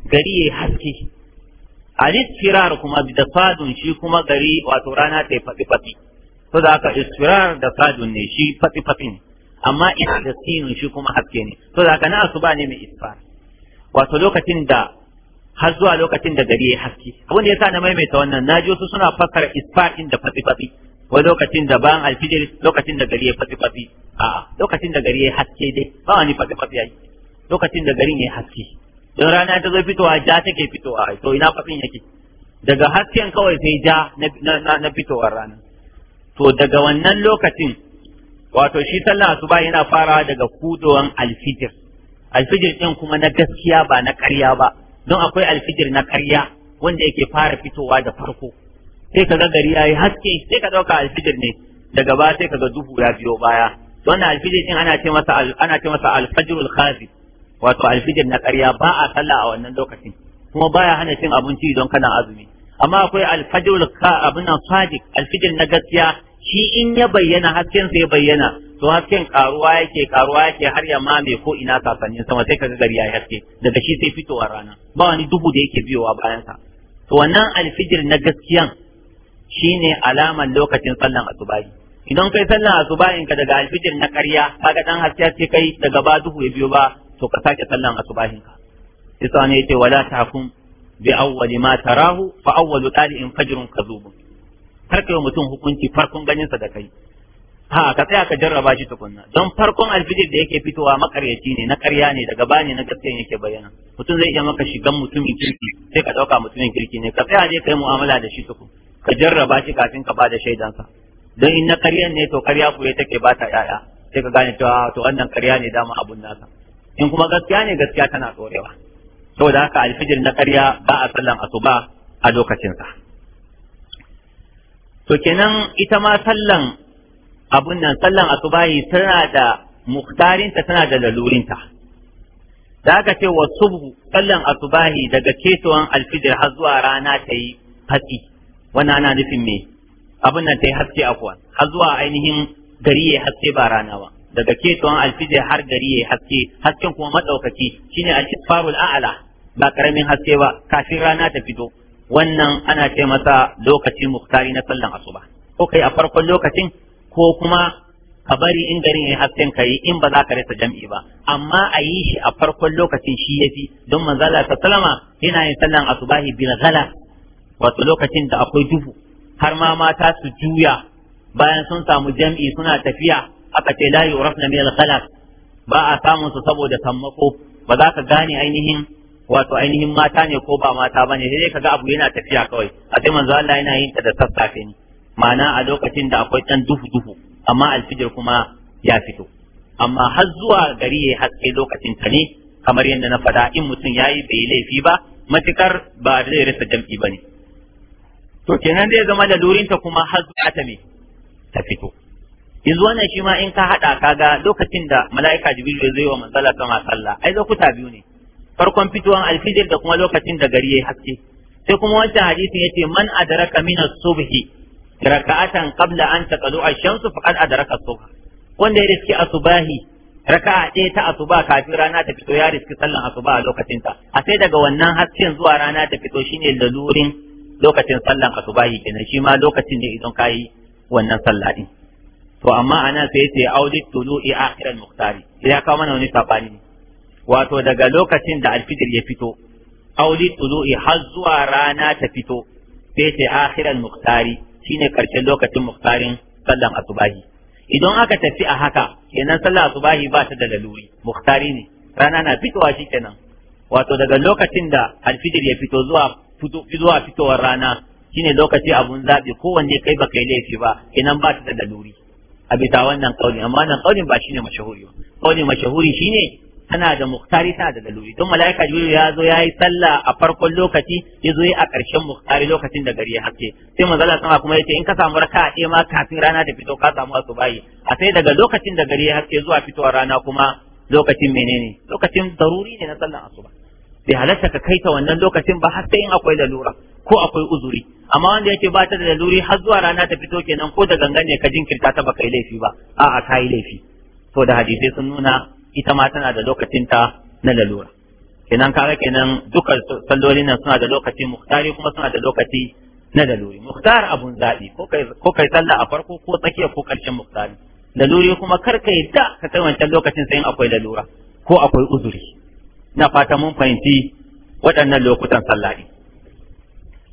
gari ya haske al kuma da fadun shi kuma gari wato rana ta faɗi faɗi to da aka isfirar da fadun ne shi faɗi faɗi amma amma da sinun shi kuma haske ne to da aka na asuba ne mai isfar wato lokacin da har zuwa lokacin da gari ya haske abin da yasa na maimaita wannan naji su suna fassara isfar inda da faɗi wa lokacin da ban alfijir lokacin da gari ya faɗi faɗi a lokacin da gari ya haske dai ba wani faɗi faɗi yayi lokacin da garin ya haske don rana ta zo fitowa ja take fitowa to ina fafin yake daga hasken kawai sai ja na fitowar rana to daga wannan lokacin wato shi sallah ba yana farawa daga kudowan alfijir alfijir din kuma na gaskiya ba na ƙarya ba don akwai alfijir na ƙarya wanda yake fara fitowa da farko sai ka ga gari yayi haske sai ka dauka alfijir ne daga ba sai ka ga duhu ya biyo baya wannan alfijir din ana ce masa ana ce alfajrul khafi wato alfijir na ƙarya ba a sallah a wannan lokacin kuma baya hana cin abinci don kana azumi amma akwai alfajr ka abin nan alfijir na gaskiya shi in ya bayyana hasken sai bayyana to hasken karuwa yake karuwa yake har ya mame ko ina sasannin sama sai kaga gari ya haske daga shi sai fitowar rana ba wani duhu da yake biyowa bayan sa to wannan alfijir na gaskiyan shine alaman lokacin sallan asubahi idan kai sallan asubahin ka daga alfijir na ƙarya kaga dan haske sai kai daga ba duhu ya biyo ba to ka sake sallan asubahin ka isa ne yace wala tahkum bi awwali ma tarahu fa awwalu in fajrun kadhub kar kai mutum hukunci farkon ganin sa da kai ha ka tsaya ka jarraba shi tukunna don farkon alfijir da yake fitowa makaryaci ne na karya ne daga bani na gaskiya yake bayyana mutum zai iya maka shigan mutumin kirki sai ka dauka mutumin kirki ne ka tsaya je kai mu'amala da shi tukun ka jarraba shi kafin ka bada shaidansa don in na karyan ne to karya kuwa take ba ta yaya sai ka gane cewa ah, to wannan karya ne dama abun nasa in kuma gaskiya ne gaskiya tana tsorewa saboda haka alfijir na ƙarya ba a sallan asuba a lokacinsa to kenan ita ma sallan abun nan sallan asubahi tana da muktarinta tana da lalurinta da aka ce wa subu sallan asubahi daga ketowan alfijir har zuwa rana ta yi hatsi wannan ana nufin me abun nan ta yi haske kuwa, har zuwa ainihin gari ya haske ba rana ba daga keton alfijir har gari ya haske hasken kuma madaukaki shine al-isfarul a'la ba karamin haske ba kafin rana ta fito wannan ana ce masa lokacin muktari na sallan asuba ko kai a farkon lokacin ko kuma ka bari in garin ya hasken ka yi in ba za ka rasa jam'i ba amma a yi shi a farkon lokacin shi ya fi don manzala ta salama yana yin sallan asubahi bil ghala wato lokacin da akwai duhu har ma mata su juya bayan sun samu jam'i suna tafiya aka ce layu rafna min al-khalaq ba a samun su saboda sammako ba za ka gane ainihin wato ainihin mata ne ko ba mata bane sai ka ga abu yana tafiya kawai a sai manzo Allah yana yin ta da sassafe ne ma'ana a lokacin da akwai dan duhu duhu amma alfijir kuma ya fito amma har zuwa gari ya haske lokacin ta ne kamar yadda na faɗa in mutum yayi bai laifi ba matukar ba zai rasa jam'i bane to kenan zai zama da lurinta kuma har zuwa ta me ta fito yanzu wannan shi ma in ka haɗa kaga lokacin da mala'ika jibril zai wa masallar sama sallah ai lokuta biyu ne farkon fitowar alfijir da kuma lokacin da gari yi haske sai kuma wancan hadisin ce man adraka mina as-subhi raka'atan qabla an taqalu ash-shamsu faqad adraka as wanda ya riski asubahi raka'a ɗaya ta asuba kafin rana ta fito ya riski sallan asuba a lokacin ta a sai daga wannan hasken zuwa rana ta fito shine lalurin lokacin sallan asubahi kenan shi ma lokacin ne idan kayi wannan sallah din to amma ana sai ce audit i akhiran muhtari ya kawo mana wani sabani wato daga lokacin da alfitir ya fito audit i har zuwa rana ta fito sai ce akhiran muhtari shine karshen lokacin muhtarin sallan asubahi idan aka tafi a haka kenan sallan asubahi ba ta da laluri muhtari ne rana na fitowa shikenan wato daga lokacin da alfitir ya fito zuwa zuwa fitowar rana shine lokaci abun zabi kowanne kai baka yi laifi ba kenan ba ta da laluri a bisa wannan kauli amma wannan kaulin ba shine mashahuri ba kaunin mashahuri shine tana da muktari tana da daluri don malaika jibril ya zo yayi sallah a farkon lokaci ya zo a ƙarshen muktari lokacin da gari ya haske sai manzala sama kuma yace in ka samu raka a ma kafin rana ta fito ka samu asubahi a sai daga lokacin da gari ya haske zuwa fitowar rana kuma lokacin menene lokacin daruri ne na sallan asuba bai halatta ka kaita wannan lokacin ba har sai in akwai lalura ko akwai uzuri amma wanda yake ba ta da laluri har zuwa rana ta fito kenan ko da gangan ne ka jinkirta ta baka yi laifi ba a'a ka yi laifi to da hadisai sun nuna ita ma tana da lokacin ta na lalura kenan kaga kenan dukkan sallolin nan suna da lokaci muhtari kuma suna da lokaci na laluri muhtar abun zaɓi ko kai sallah a farko ko tsakiya ko ƙarshen muhtari laluri kuma kar ka da ka kai wancan lokacin sai akwai lalura ko akwai uzuri na fata mun fahimci waɗannan lokutan sallah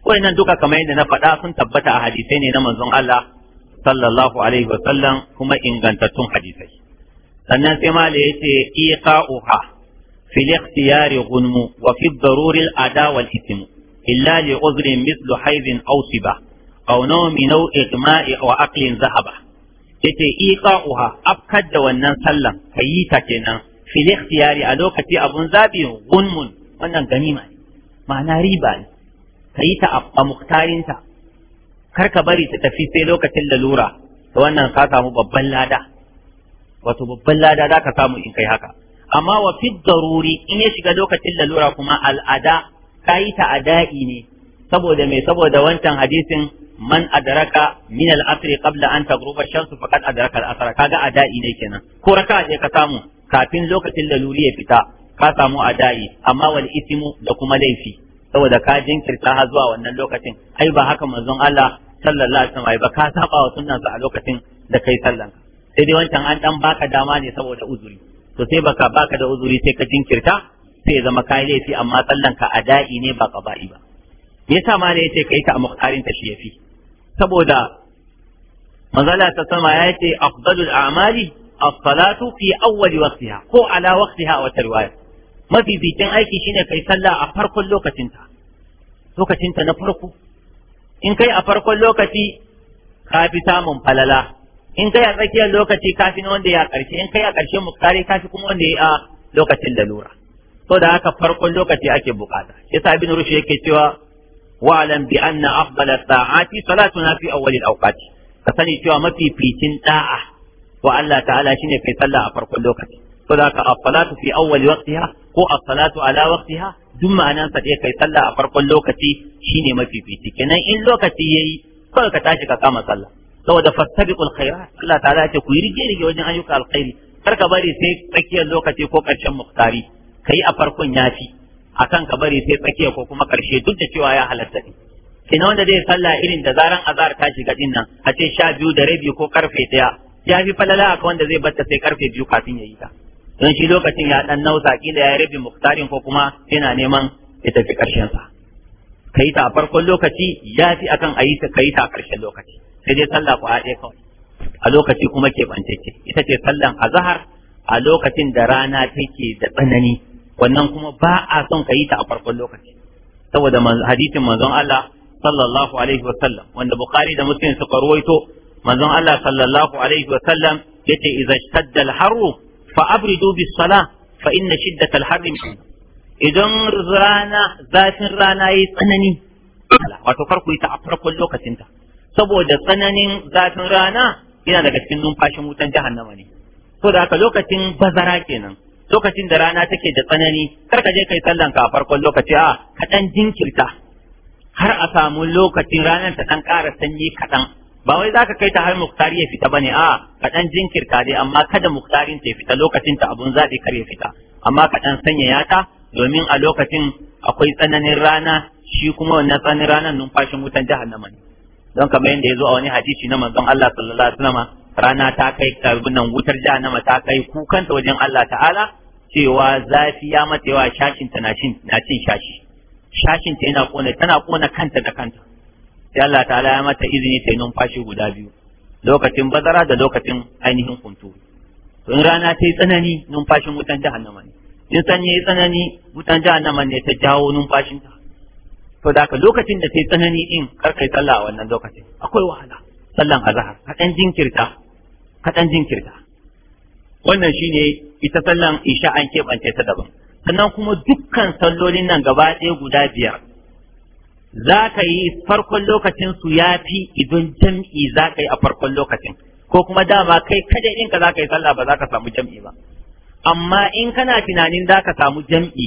wayannan duka kamar yadda na faɗa sun tabbata a hadisai ne na manzon Allah sallallahu alaihi wa kuma ingantattun hadisai sannan sai mala yace iqa'uha fil ikhtiyari gunmu wa fi daruri al ada wal ithm illa li uzrin mithlu haidin aw siba aw naw aw zahaba yace iqa'uha afkar da wannan sallan kayi ta kenan fil a lokaci abun zabi gunmun wannan ganima ne ma'ana riba ne ka yi ta a muktarinta kar ka bari ta tafi sai lokacin lalura da wannan ka samu babban lada wato babban lada za ka samu in kai haka amma wa fi daruri in ya shiga lokacin lalura kuma al'ada ka yi ta ada'i ne saboda mai saboda wancan hadisin man adaraka min al-asri qabla an taghruba ash-shamsu faqad asara ka ga kaga ada'i ne kenan ko raka je ka samu kafin lokacin laluri ya fita ka samu ada'i amma wal ismu da kuma laifi saboda ka jinkirta har zuwa wannan lokacin ai ba haka manzon Allah sallallahu alaihi wasallam ba ka saba wa sunnan a lokacin da kai sallan sai dai wancan an dan baka dama ne saboda uzuri to sai baka baka da uzuri sai ka jinkirta sai ya zama kai laifi amma sallan ka ada'i ne ba qaba'i ba me yasa ma ne yace kai ta a muhtarin ta shiyafi yafi saboda manzala ta sama ya ce afdalul a'mali as-salatu fi awwali waqtiha ko ala waqtiha wa tarwaya mafificin aiki shine kai sallah a farkon lokacinta lokacinta na farko in kai a farkon lokaci ka fi samun falala in kai a tsakiyar lokaci ka fi wanda ya karshe in kai a karshen muktari ka fi kuma wanda ya a lokacin lalura to da haka farkon lokaci ake bukata yasa ibn rushd yake cewa wa'lam bi anna afdala sa'ati salatuna fi awwalil awqati ka sani cewa mafificin da'a wa Allah ta'ala shine kai sallah a farkon lokaci saboda ka as fi awwali waqtiha ko a salatu ala waqtiha duk ma'anan sa kai sallah a farkon lokaci shine mafifici kenan in lokaci yayi kawai ka tashi ka kama sallah saboda fastabiqul khairat Allah ta'ala ya ce ku yi rige rige wajen ayyuka alkhairi kar ka bari sai tsakiyar lokaci ko karshen muktari kai a farkon yafi akan ka bari sai tsakiya ko kuma karshe duk da cewa ya halatta ne kina wanda zai sallah irin da zaran azhar ta shiga din nan a ce sha biyu da rabi ko karfe daya ya fi falala akan wanda zai batta sai karfe biyu kafin ya yi ta don shi lokacin ya dan nausa kila ya rabi muktarin ko kuma yana neman ya tafi karshen sa kai ta farkon lokaci ya fi akan ayi ta kai ta karshen lokaci sai dai sallah ku a ɗaya kawai a lokaci kuma ke bancece ita ce sallan azhar a lokacin da rana take da tsanani wannan kuma ba a son ka yi ta a farkon lokaci saboda hadisin manzon Allah sallallahu alaihi wa sallam wanda Bukhari da Muslim suka ruwaito manzon Allah sallallahu alaihi wa sallam yace idza ishtadda al-harru fa abridu bis sala fa inna shiddat al harri idan rana zafin rana yayi tsanani wato kar ku yi ta a farkon lokacin ta saboda tsananin zafin rana yana daga cikin numfashin wutan jahannama ne so da haka lokacin bazara kenan lokacin da rana take da tsanani kar ka je kai sallan ka a farkon lokaci a ka jinkirta har a samu lokacin ranar ta dan ƙara sanyi kaɗan ba wai za ka kai ta har muktari ya fita ba ne? a kaɗan jinkirta dai amma kada muktarin ta ya fita lokacin ta abun zabi kar ya fita amma kaɗan sanya sanyaya ta domin a lokacin akwai tsananin rana shi kuma wannan tsananin ranar numfashin wutan jahannama ne don kamar yadda ya zo a wani hadisi na manzon Allah sallallahu alaihi wasallam rana ta kai karbunan wutar jahannama ta kai kukanta wajen Allah ta'ala cewa zafi ya mata shashin ta na cin shashi shashin ta yana kona tana kona kanta da kanta sai Allah ta'ala ya mata izini ta yi numfashi guda biyu lokacin bazara da lokacin ainihin kuntu to in rana ta yi tsanani numfashin wutan jahannama ne in sanyi yi tsanani wutan jahannama ne ta jawo numfashin ta to da lokacin da ta yi tsanani in kar yi sallah a wannan lokacin akwai wahala sallan azahar kaɗan jinkirta kaɗan jinkirta wannan shine ita sallan isha an keɓance ta daban sannan kuma dukkan sallolin nan gaba ɗaya guda biyar za ka yi farkon lokacin su ya fi idan jam'i za ka yi a farkon lokacin ko kuma dama kai kada in ka za ka yi sallah ba za ka samu jam'i ba amma in kana tunanin za ka samu jam'i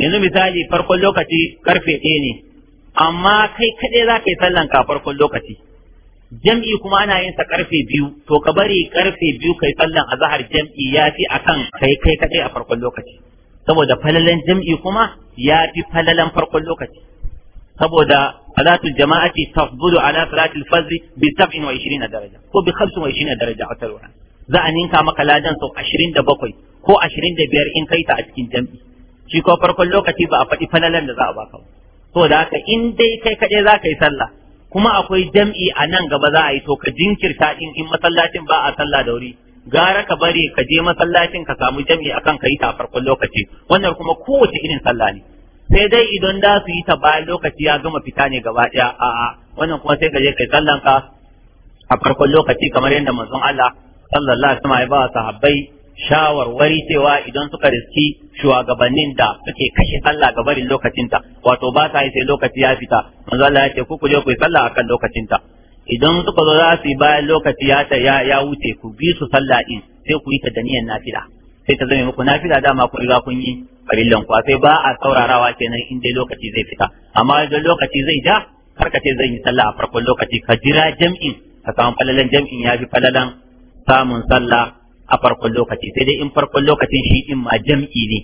yanzu misali farkon lokaci karfe ɗaya ne amma kai kaɗai za ka yi sallan ka farkon lokaci jam'i kuma ana yin sa karfe biyu to ka bari karfe biyu kai sallan zahar jam'i ya fi akan kai kai kaɗai a farkon lokaci saboda falalan jam'i kuma ya fi falalan farkon lokaci saboda salatul jama'ati tafdulu ala salatul fajr bi 27 daraja ko bi 25 daraja a tarwa za a ninka maka ladan sau 27 ko 25 in kai ta a cikin jam'i shi ko farkon lokaci ba a faɗi falalan da za a baka ba da haka in dai kai kaɗai za ka yi sallah kuma akwai jam'i a nan gaba za a yi to ka jinkirta in in masallacin ba a sallah da wuri gara ka bari ka je masallacin ka samu jam'i akan ka yi ta farkon lokaci wannan kuma kowace irin sallah ne sai dai idan da su yi ta bayan lokaci ya gama fita ne gaba ɗaya a'a wannan kuma sai ka je kai sallan ka a farkon lokaci kamar yadda manzon Allah sallallahu alaihi wasallam ya ba sahabbai shawarwari cewa idan suka riski shugabannin da suke kashe sallah ga barin lokacinta wato ba sa yi sai lokaci ya fita manzo Allah ya ce ku je ku yi sallah akan ta idan suka zo za su yi bayan lokaci ya ya wuce ku bi su sallah din sai ku yi ta da niyyar nafila sai ta zame muku nafila dama kun riga kun yi farillan ku sai ba a saurarawa kenan in dai lokaci zai fita amma idan lokaci zai ja har ka ce zan yi sallah a farkon lokaci ka jira jam'in ka samu falalan jam'in ya fi falalan samun sallah a farkon lokaci sai dai in farkon lokacin shi in ma jam'i ne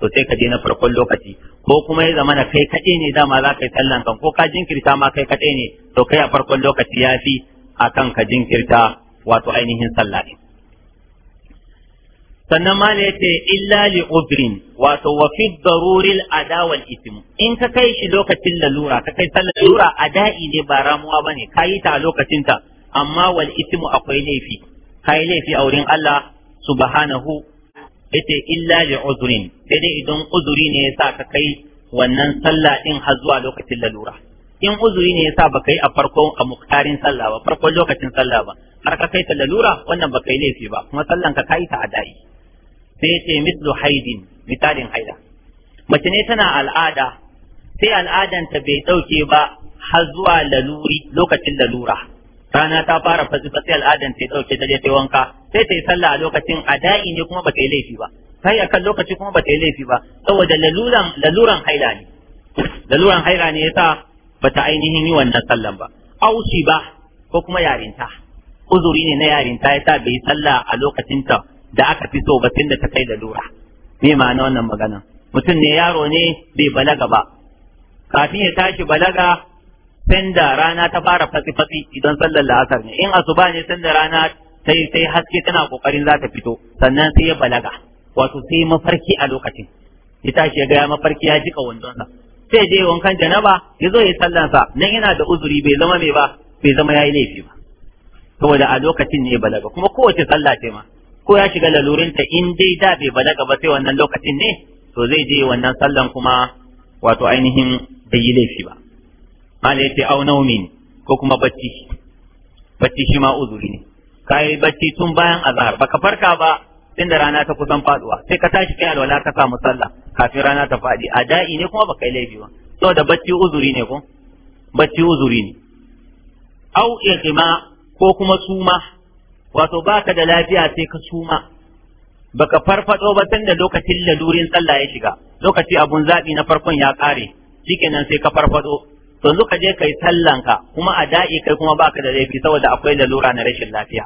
to sai ka je na farkon lokaci ko kuma ya zama na kai kaɗai ne dama za ka yi sallan kan ko ka jinkirta ma kai kaɗai ne to kai a farkon lokaci ya fi akan ka jinkirta wato ainihin sallah ɗin sannan ma ne yace illa li udrin wato wa fi daruril ada wal ism in ka kai shi lokacin lalura ka kai sallar lalura ada'i ne ba ramuwa bane kayi ta a lokacin ta amma wal ism akwai laifi kai laifi a wurin Allah subhanahu yace illa li udrin sai dai idan uzuri ne yasa ka kai wannan sallah din har zuwa lokacin lalura in uzuri ne yasa baka yi a farkon a muktarin sallah ba farkon lokacin sallah ba har ka kai ta lalura wannan baka yi laifi ba kuma sallan ka kai ta a da'i sai ce mislu haidin misalin haida mace ne tana al'ada sai al'adanta bai ɗauke ba har zuwa laluri lokacin lalura rana ta fara fasi sai al'adan ta ɗauke ta je ta wanka sai ta yi sallah a lokacin ada'i ne kuma ba ta yi laifi ba sai akan lokaci kuma ba ta yi laifi ba saboda laluran laluran haila ne laluran haila ne yasa ba ta ainihin yi wannan sallan ba aushi ba ko kuma yarinta uzuri ne na yarinta yasa bai sallah a lokacin ta da aka fi so ba tun da ta kai lalura me ma'ana wannan magana mutum ne yaro ne bai balaga ba kafin ya tashi balaga sanda rana ta fara fatsi-fatsi idan sallar la'asar ne in asuba ne sanda rana sai sai haske tana kokarin za ta fito sannan sai ya balaga wato sai mafarki a lokacin ya tashi ya ga mafarki ya jika wandonsa sai je wankan janaba ya zo ya sa nan yana da uzuri bai zama mai ba bai zama yayi laifi ba saboda a lokacin ne ya balaga kuma kowace sallah ce ma ko ya shiga lalurinta in dai da bai balaga ba sai wannan lokacin ne to zai je wannan sallan kuma wato ainihin bai yi laifi ba mala yace au ne ko kuma bacci bacci shi ma uzuri ne kai bacci tun bayan azhar baka farka ba tun rana ta kusan faduwa sai ka tashi kai alwala ka samu sallah kafin rana ta faɗi. a da'i ne kuma baka yi laifi ba saboda bacci uzuri ne ko bacci uzuri ne au irqima ko kuma suma wato ba ka da lafiya sai ka suma ba ka farfado ba da lokacin lalurin sallah ya shiga lokaci abun zaɓi na farkon ya kare shikenan sai ka farfado to yanzu ka je kai sallanka kuma a da'i kai kuma baka da laifi saboda akwai lalura na rashin lafiya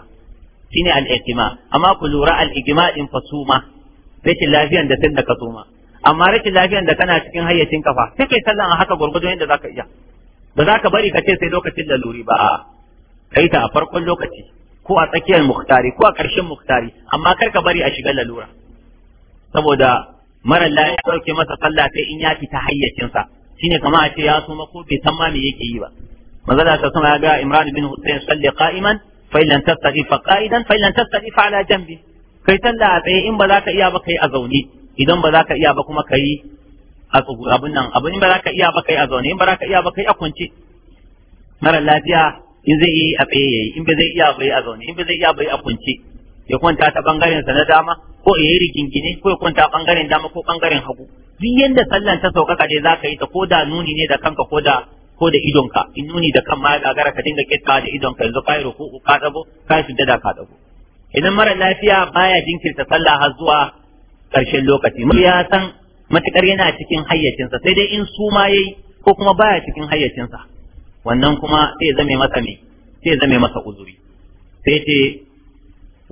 shine al-ihtima amma ku lura al-ijma din fasuma rashin lafiyan da da ka suma amma rashin lafiyan da kana cikin hayyacin kafa sai kai sallan a haka gurgudun yadda zaka iya ba za ka bari ka ce sai lokacin laluri ba a kai ta a farkon lokaci ko a tsakiyar muktari ko a ƙarshen muktari amma kar ka bari a shiga lalura saboda mara lafiya ya dauke masa sallah sai in yaki ta hayyacinsa shine kama a ce ya suma ko bai san ma me yake yi ba manzo da sallallahu ya ga Imran bin Hussein salli qa'iman fa illan tastati fa qa'idan fa illan tastati fa ala janbi kai sallah a tsaye in ba za ka iya ba kai a zaune idan ba za ka iya ba kuma kai a abun nan abun in ba za ka iya ba kai a zaune in ba za ka iya ba kai a kwance mara lafiya in zai yi a tsaye yayi in ba zai iya bai a zaune in ba zai iya bai a kunce ya kwanta ta bangaren sa na dama ko ya rigingine ko ya kwanta bangaren dama ko bangaren hagu duk yanda sallan ta saukaka dai zaka yi ta ko da nuni ne da kanka ko da ko da idonka in nuni da kan ma gagara ka dinga kitta da idonka yanzu kai ruku ka dago kai da ka dabo idan mara lafiya baya jinkirta sallah har zuwa karshen lokaci ya san matukar yana cikin hayyacinsa sai dai in su ma yayi ko kuma baya cikin hayyacinsa wannan kuma sai zame masa me sai zame masa uzuri sai ce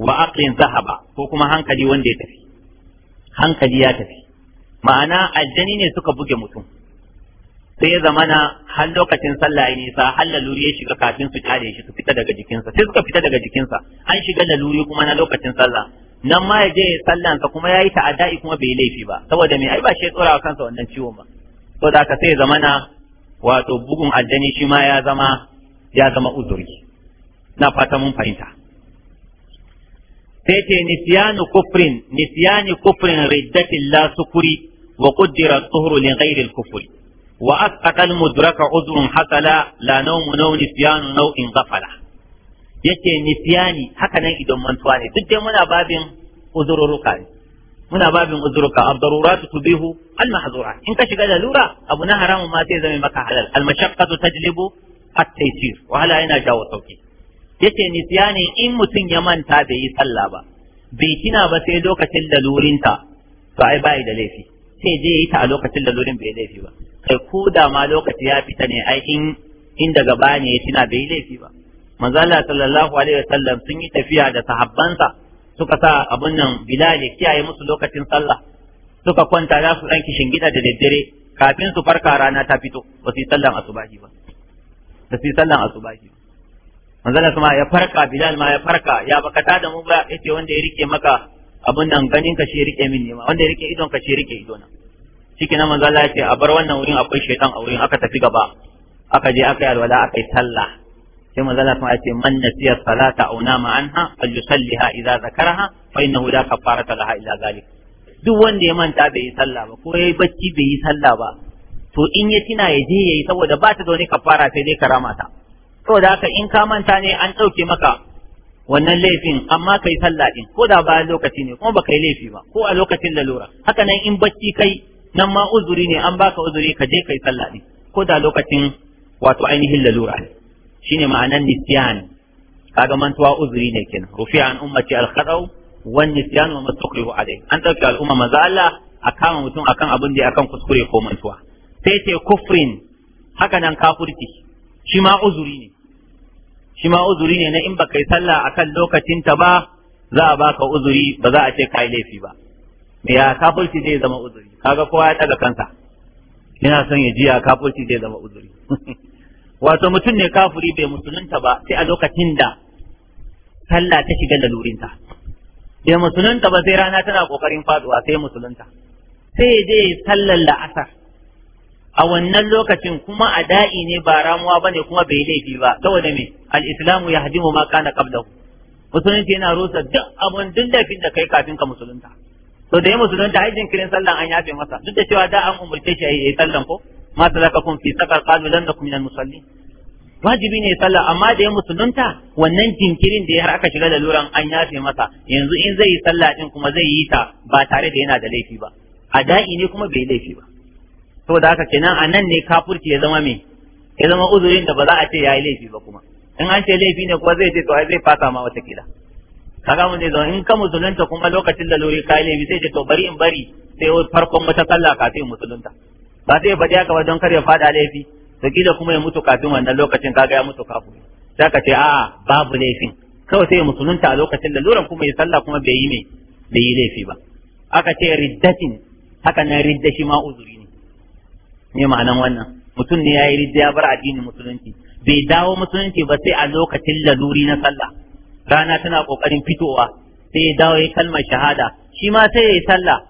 wa aqlin zahaba ko kuma hankali wanda ya tafi hankali ya tafi ma'ana aljani ne suka buge mutum sai ya zamana har lokacin sallah ya nisa har laluri ya shiga kafin su kyale shi su fita daga jikinsa sai suka fita daga jikinsa an shiga laluri kuma na lokacin sallah nan ma ya je sallansa kuma ya yi ta'adai kuma bai laifi ba saboda mai ai ba shi ya tsora kansa wannan ciwon ba saboda haka sai ya zamana wato bugun aljani shi ma ya zama ya zama uzuri na fata mun fahimta sai ce nisyanu kufrin nisyani kufrin riddatin la sukuri wa qaddara tsuhuru li ghairi al-kufri wa asqata mudraka uzrun hasala la nawmu naw nisyanu naw'in ghafala yace nisyani haka nan idan mantuwa ne duk dai muna babin uzururuka ne muna babin uzurka ad-daruratu tubihu al-mahzura in ka shiga lalura abu na haramun ma sai zame maka halal al-mashaqqatu tajlibu at-taysir wahala yana jawo sauki yace nisyani in mutum ya manta bai yi sallah ba bai kina ba sai lokacin lurinta to ai bai da laifi sai je yi ta a lokacin lurin bai laifi ba kai ko da ma lokaci ya fita ne ai in in daga baya ne ya tuna bai laifi ba manzo Allah sallallahu alaihi wasallam sun yi tafiya da sahabbansa suka sa abun nan bilal ya kiyaye musu lokacin sallah suka kwanta za su kishin shingida da daddare kafin su farka rana ta fito ba su yi sallan asubahi ba ba su yi sallan asubahi ba manzala kuma ya farka bilal ma ya farka ya baka ta da mu ba yace wanda ya rike maka abun nan ganin ka shi rike min ne ma wanda ya rike idon ka shi rike idona na manzala ya ce a bar wannan wurin akwai shaytan a wurin aka tafi gaba aka je aka yi alwala aka yi sallah sai manzala kuma ce man nasiya salata aw nama anha falyusalliha idza zakaraha fa innahu la kafarata laha illa zalik duk wanda ya manta bai yi sallah ba ko yayi bacci bai yi sallah ba to in ya tina ya je yayi saboda ba ta da wani kafara sai dai karama ta saboda haka in ka manta ne an ɗauke maka wannan laifin amma kai sallah din ko da bayan lokaci ne kuma baka yi laifi ba ko a lokacin lalura haka nan in bacci kai nan ma uzuri ne an baka uzuri ka je kai sallah din ko da lokacin wato ainihin lalura ne shine ma'anan nisyan kaga mantuwa uzuri ne kenan rufi an ummati al khadau wan nisyan wa mastakrihu alai an dauke al umma manzo Allah a kama mutum akan abin da akan kuskure ko mantuwa sai ce kufrin haka nan kafirci shi ma uzuri ne shi ma uzuri ne na in baka yi sallah akan lokacin ta ba za a baka uzuri ba za a ce kai laifi ba me ya kafirci zai zama uzuri kaga kowa ya daga kansa ina son ya jiya kafirci zai zama uzuri wato mutum ne kafuri bai musulunta ba sai a lokacin da sallah ta shiga lalurinta bai musulunta ba sai rana tana kokarin faduwa sai musulunta sai je sallar la'asar a wannan lokacin kuma a da'i ne ba ramuwa ba ne kuma bai laifi ba saboda me al-islamu ya hadimu ma kana qablahu musulunci yana rusa duk abun duk laifin da kai kafin ka musulunta to da ya musulunta ai jinkirin sallan an yafe masa duk da cewa da an umurce shi yi sallan ko ma salakakum fi saqar qalu lam nakum minal musallin wajibi ne sallah amma da ya musulunta wannan jinkirin da ya har aka shiga da luran an yafe masa yanzu in zai yi sallah din kuma zai yi ta ba tare da yana da laifi ba a da'i ne kuma bai laifi ba To da haka kenan a nan ne kafurci ya zama me ya zama uzurin da ba za a ce yayi laifi ba kuma in an ce laifi ne kuma zai ce to ai zai fata ma wata kila kaga mun zai zama in ka musulunta kuma lokacin da lori ka laifi sai ce to bari in bari sai farkon wata sallah kafin musulunta ba zai faɗi haka ba don kar ya faɗa laifi to kila kuma ya mutu kafin wannan lokacin kaga ya mutu kafin sai ka ce a babu laifin kawai sai musulunta a lokacin da lura kuma ya sallah kuma bai yi mai bai yi laifi ba aka ce riddatin haka nan ridda shi ma uzuri ne ne ma'anan wannan mutum ne yayi ridda ya bar addinin musulunci bai dawo musulunci ba sai a lokacin laluri na sallah rana tana kokarin fitowa sai ya dawo ya kalmar shahada shi ma sai ya yi sallah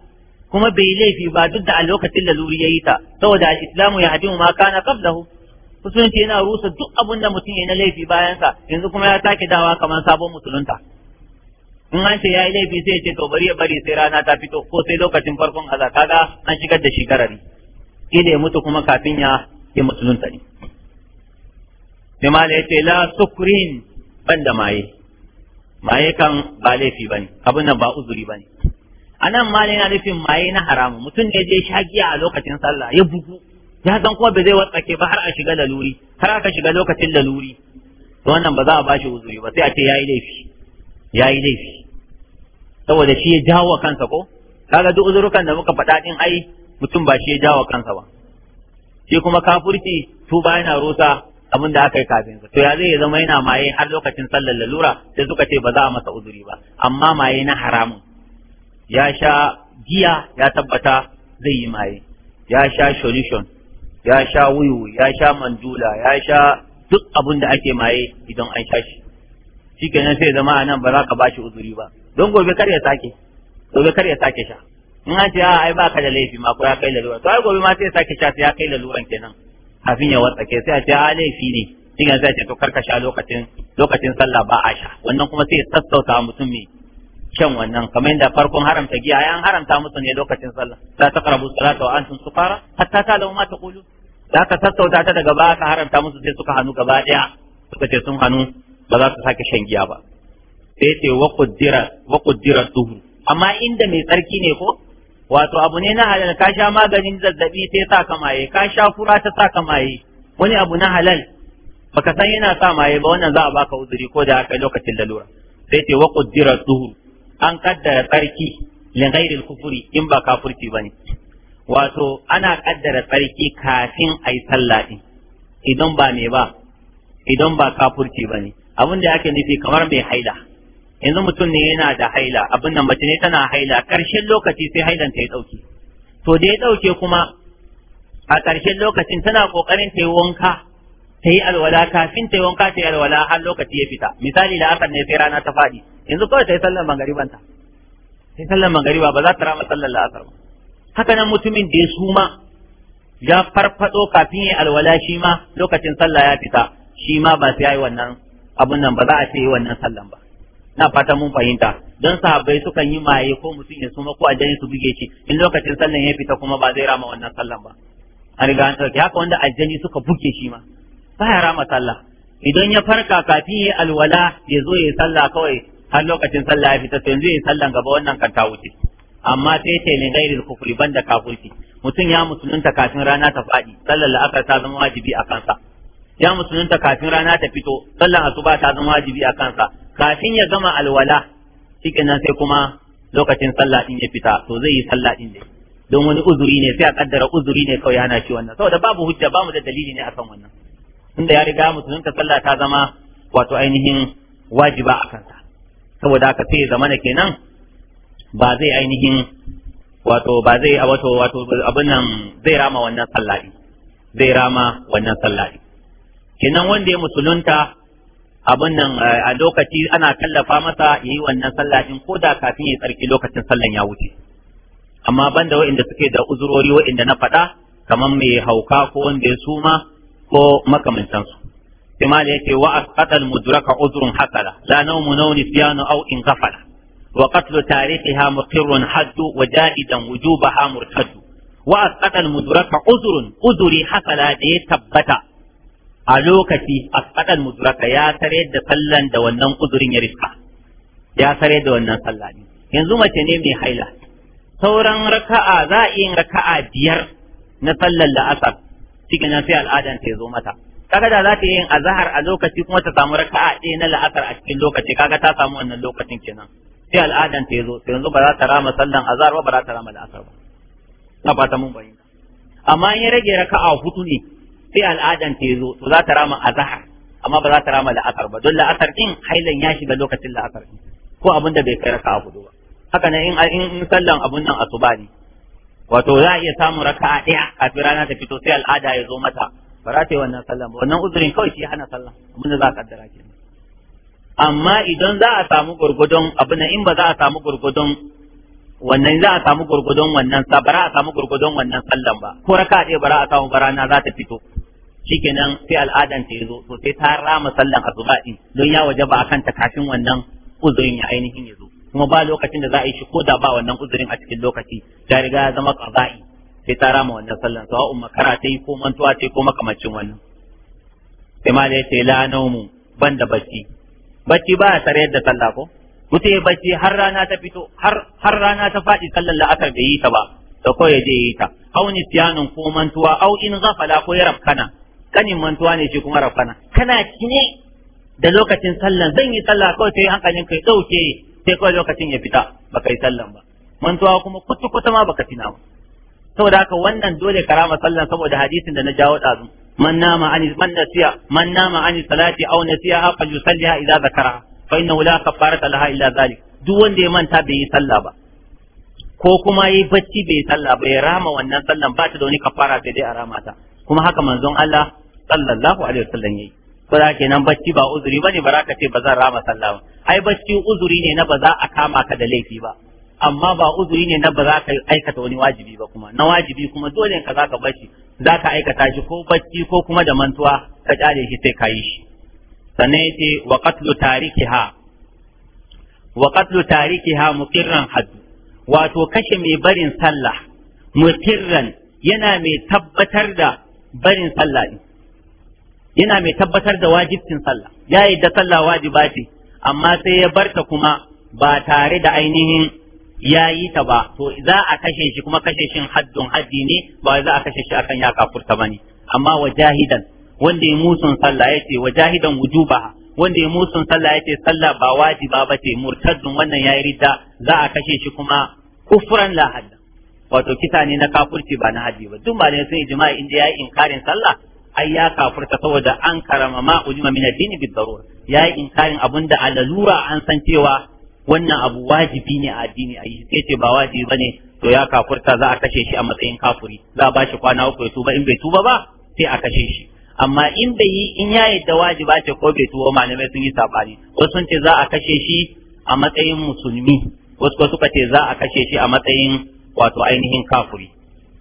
kuma bai laifi ba duk da a lokacin da zuri yayi ta saboda islamu ya hadimu ma kana qablahu musulunci yana rusa duk abin da mutum ya na laifi bayan sa yanzu kuma ya take dawa kamar sabon musulunta in an ce yayi laifi sai ya ce to bari ya bari sai rana ta fito ko sai lokacin farkon kaza kaga an shigar da shi garari da ya mutu kuma kafin ya yi musulunta ne sai ma ya la sukrin ban da maye maye kan ba laifi bane abin nan ba uzuri bane anan ma yana nufin maye na haramu mutum ne je giya a lokacin sallah ya bugu ya san kuma ba zai watsake ba har a shiga laluri har aka shiga lokacin laluri to wannan ba za a bashi uzuri ba sai a ce yayi laifi yayi laifi saboda shi ya jawo kansa ko kaga duk uzurukan da muka faɗa din ai mutum ba shi ya jawo kansa ba shi kuma kafurci tuba yana rusa abin da aka yi kafin sa to ya zai zama yana maye har lokacin sallar lalura sai suka ce ba za a masa uzuri ba amma maye na haramun ya sha giya ya tabbata zai yi maye ya sha solution ya sha wuyu ya sha mandula ya sha duk abin da ake maye idan an sha shi shi kenan sai zama a nan ba za ka ba shi uzuri ba don gobe kar ya sake gobe kar ya sake sha in an ce ai ba ka da laifi ma ko ya kai lalura to ai gobe ma sai ya sake sha sai ya kai laluran kenan kafin ya watsake sai a ce a laifi ne shi kenan sai a ce to kar ka sha lokacin lokacin sallah ba a sha wannan kuma sai ya sassauta mutum mai shan wannan kamar yadda farkon haramta giya ya an haramta musu ne lokacin sallah ta la taqrabu salata wa antum sukara hatta ta'lamu ma taqulu da ka sassauta ta daga baya ka haramta musu sai suka hannu gaba daya suka ce sun hannu ba za su sake shan giya ba sai ce wa quddira wa quddira duhu amma inda mai tsarki ne ko wato abu ne na halal ka sha maganin zazzabi sai sa ka maye ka sha fura ta sa ka maye wani abu na halal baka san yana sa maye ba wannan za a baka uzuri ko da aka lokacin lalura sai ce wa quddira duhu an kaddara tsarki lin kufuri in ba kafurci bane wato ana kaddara tsarki kafin ayi sallah din idan ba me ba idan ba kafurci bane abin da ake nufi kamar mai haila yanzu mutum ne yana da haila abin nan mace ne tana haila karshen lokaci sai hailan ta ya dauke to da ya dauke kuma a karshen lokacin tana kokarin ta yi wanka ta yi alwala kafin ta yi wanka ta yi alwala har lokaci ya fita misali la'akar ne sai rana ta faɗi yanzu kawai ta yi sallar magariban ta yi sallar magariba ba za ta rama sallar la'asar ba haka nan mutumin da ya suma ya farfado kafin ya alwala shi ma lokacin sallah ya fita shi ma ba sai yayi wannan abun nan ba za a ce yi wannan sallan ba na fata mun fahimta don sahabbai sukan yi maye ko mutum ya suma ko aljani su buge shi in lokacin sallan ya fita kuma ba zai rama wannan sallan ba an riga an tsarki haka wanda aljani suka buge shi ma ba ya rama sallah idan ya farka kafin ya alwala ya zo ya yi sallah kawai har lokacin sallah ya fita to yanzu yin sallan gaba wannan kan ta wuce amma sai ce ne gairil ban banda kafirci mutum ya musulunta kafin rana ta faɗi sallar la'akar ta zama wajibi a kansa ya musulunta kafin rana ta fito sallar asuba ta zama wajibi a kansa kafin ya gama alwala nan sai kuma lokacin sallah din ya fita to zai yi sallah din ne don wani uzuri ne sai a kaddara uzuri ne kawai yana shi wannan saboda babu hujja bamu da dalili ne akan wannan inda ya riga musulunta sallah ta zama wato ainihin wajiba a kansa saboda aka sai zamana kenan ba zai ainihin wato ba zai a wato wato abin nan zai rama wannan sallari zai rama wannan sallari kenan wanda ya musulunta abin nan eh, a lokaci ana tallafa masa ya yi wannan sallah ko da kafin ya tsarki lokacin sallan ya wuce amma banda waɗanda suke da uzurori waɗanda na faɗa kamar mai hauka ko wanda ya suma ko makamantansu احتمال هيك واسقط المدرك عذر حصل لا نوم نوم نسيان او انغفل وقتل تاريخها مقر حد وجائدا وجوبها مرتد واسقط المدرك عذر عذري حصل دي ثبت a lokaci a faɗan ya tare da sallan da wannan kudurin ya rifka ya tare da wannan sallah yanzu mace ne mai haila sauran raka'a za a yi raka'a biyar na sallan la'asar cikina sai al'adan ya zo mata kaga da za ta yin azahar a lokaci kuma ta samu raka'a ɗaya na la'asar a cikin lokaci kaga ta samu wannan lokacin kenan sai al'adan ta yazo sai yanzu ba za ta rama sallan azhar ba ba za ta rama la'asar ba ta fata mun bayyana amma in ya rage raka'a hudu ne sai al'adan ta yazo to za ta rama azahar, amma ba za ta rama la'asar ba don la'asar din hailan ya shiga lokacin la'asar din ko abin da bai kai raka'a hudu ba haka nan in in sallan abun nan asuba ne wato za a iya samun raka'a ɗaya kafin rana ta fito sai al'ada ya zo mata ba za ta yi wannan sallan ba wannan uzurin kawai shi hana sallan abin da za a kaddara ke amma idan za a samu gurgudun abin in ba za a samu gurgudun wannan za a samu gurgudun wannan sa bara a samu gurgudun wannan sallan ba ko raka ɗaya bara a samu barana za ta fito shikenan sai al'adan ta yazo to sai ta rama sallan azuba din don ya waje ba a kanta kafin wannan uzurin ya ainihin yazo kuma ba lokacin da za a yi shi ko da ba wannan uzurin a cikin lokaci ya riga ya zama ƙaza'i sai ta rama wannan sallan sawa umma kara ta yi ko mantuwa ce ko makamacin wannan sai ma dai sai la ban da bacci bacci ba tare da sallah ko mutum ya bacci har rana ta fito har har rana ta faɗi sallan la'asar da yi ta ba da kawai ya je yi ta au nisyanun ko mantuwa au in ghafala ko ya rafkana kanin mantuwa ne shi kuma rafkana kana cine da lokacin sallan zan yi sallah kawai sai hankalin kai dauke sai kawai lokacin ya fita baka yi sallan ba mantuwa kuma kutu kuta ma baka tina ba saboda haka wannan dole karama sallan saboda hadisin da na jawo dazu man nama an man nasiya man nama an salati aw nasiya fa yusalliha idza zakara fa innahu la kafarata laha illa zalik duk wanda ya manta bai yi sallah ba ko kuma yi bacci bai sallah ba ya rama wannan sallan ba ta da wani kafara sai dai a rama ta kuma haka manzon Allah sallallahu alaihi wasallam yayi ko da kenan bacci ba uzuri bane ba za ka ce ba zan rama sallah ba ai bacci uzuri ne na ba za a kama ka da laifi ba amma ba uzuri ne na ba za ka aikata wani wajibi ba kuma na wajibi kuma dole ka za ka bashi za ka aikata shi ko bacci ko kuma da mantuwa ka kyale shi sai ka yi shi sannan yace wa qatlu tarikiha wa qatlu tarikiha muqirran hadd wato kashe mai barin sallah muqirran yana mai tabbatar da barin sallah din yana mai tabbatar da wajibcin sallah ya da sallah wajiba ce amma sai ya barta kuma ba tare da ainihin ya yi ta ba to za a kashe shi kuma kashe shi haddun haddi ne ba za a kashe shi akan ya kafurta ne? amma wajahidan wanda ya musun sallah yace wajahidan wujubaha wanda ya musun sallah ce sallah ba wajiba ba ce murtaddun wannan yayi ridda za a kashe shi kuma kufran la wato kisa ne na kafurci ba na haddi ba duk malamai sun ijma'i inda ya yi inkarin sallah ai ya kafurta saboda an karama ma ujma min addini bid darura yi inkarin abunda a lalura an san cewa wannan abu wajibi ne a addini a yi sai ce ba wajibi ne to ya kafurta za a kashe shi a matsayin kafuri za a bashi kwana uku ya tuba in bai tuba ba sai a kashe shi amma in bai yi in ya yadda wajiba ce ko bai tuba malamai sun yi sabani wasu sun ce za a kashe shi a matsayin musulmi wasu suka ce za a kashe shi a matsayin wato ainihin kafuri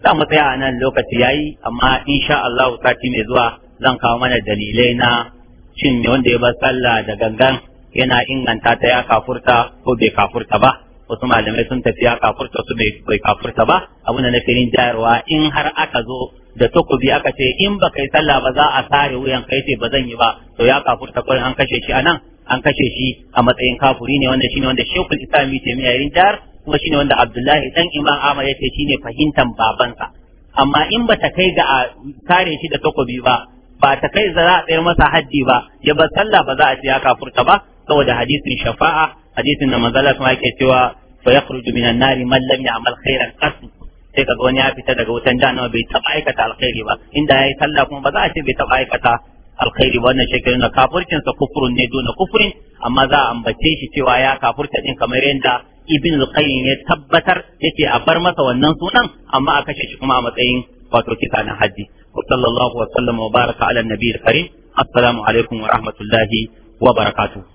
za mu tsaya a nan lokaci yayi amma insha Allah sati mai zuwa zan kawo mana dalilai na cin ne wanda ya bar sallah da gangan yana inganta ta ya kafurta ko bai kafurta ba wasu malamai sun tafi ya kafurta su bai kafurta ba abunda na nake yin jayarwa in har aka zo da takobi aka ce in ba kai sallah ba za a sare wuyan kai ce ba zan yi ba to ya kafurta kawai an kashe shi anan an kashe shi a matsayin kafuri ne wanda shine wanda shekul islami ce mai yayin jar kuma shine wanda abdullahi dan imam ama ya ce shine fahimtan babansa amma in ba ta kai ga a sare shi da takobi ba ba ta kai za a tsayar masa haddi ba ya ba sallah ba za a ce ya kafurta ba saboda hadisin shafa'a hadisin da manzala kuma ake cewa fa yakhruju minan nari man lam ya'mal khairan sai kaga wani ya fita daga wutan jahannama bai taba aikata alkhairi ba inda yayi sallah kuma ba za a ce bai taba aikata alkhairi ba wannan shekarun da kafurcin sa kufurun ne dona kufurin amma za a ambace shi cewa ya kafurta din kamar yadda ibn al-qayyim ya tabbatar yake a bar masa wannan sunan amma a kashe shi kuma a matsayin wato kisa na haddi sallallahu wa sallama wa baraka ala nabiyil karim wa rahmatullahi wa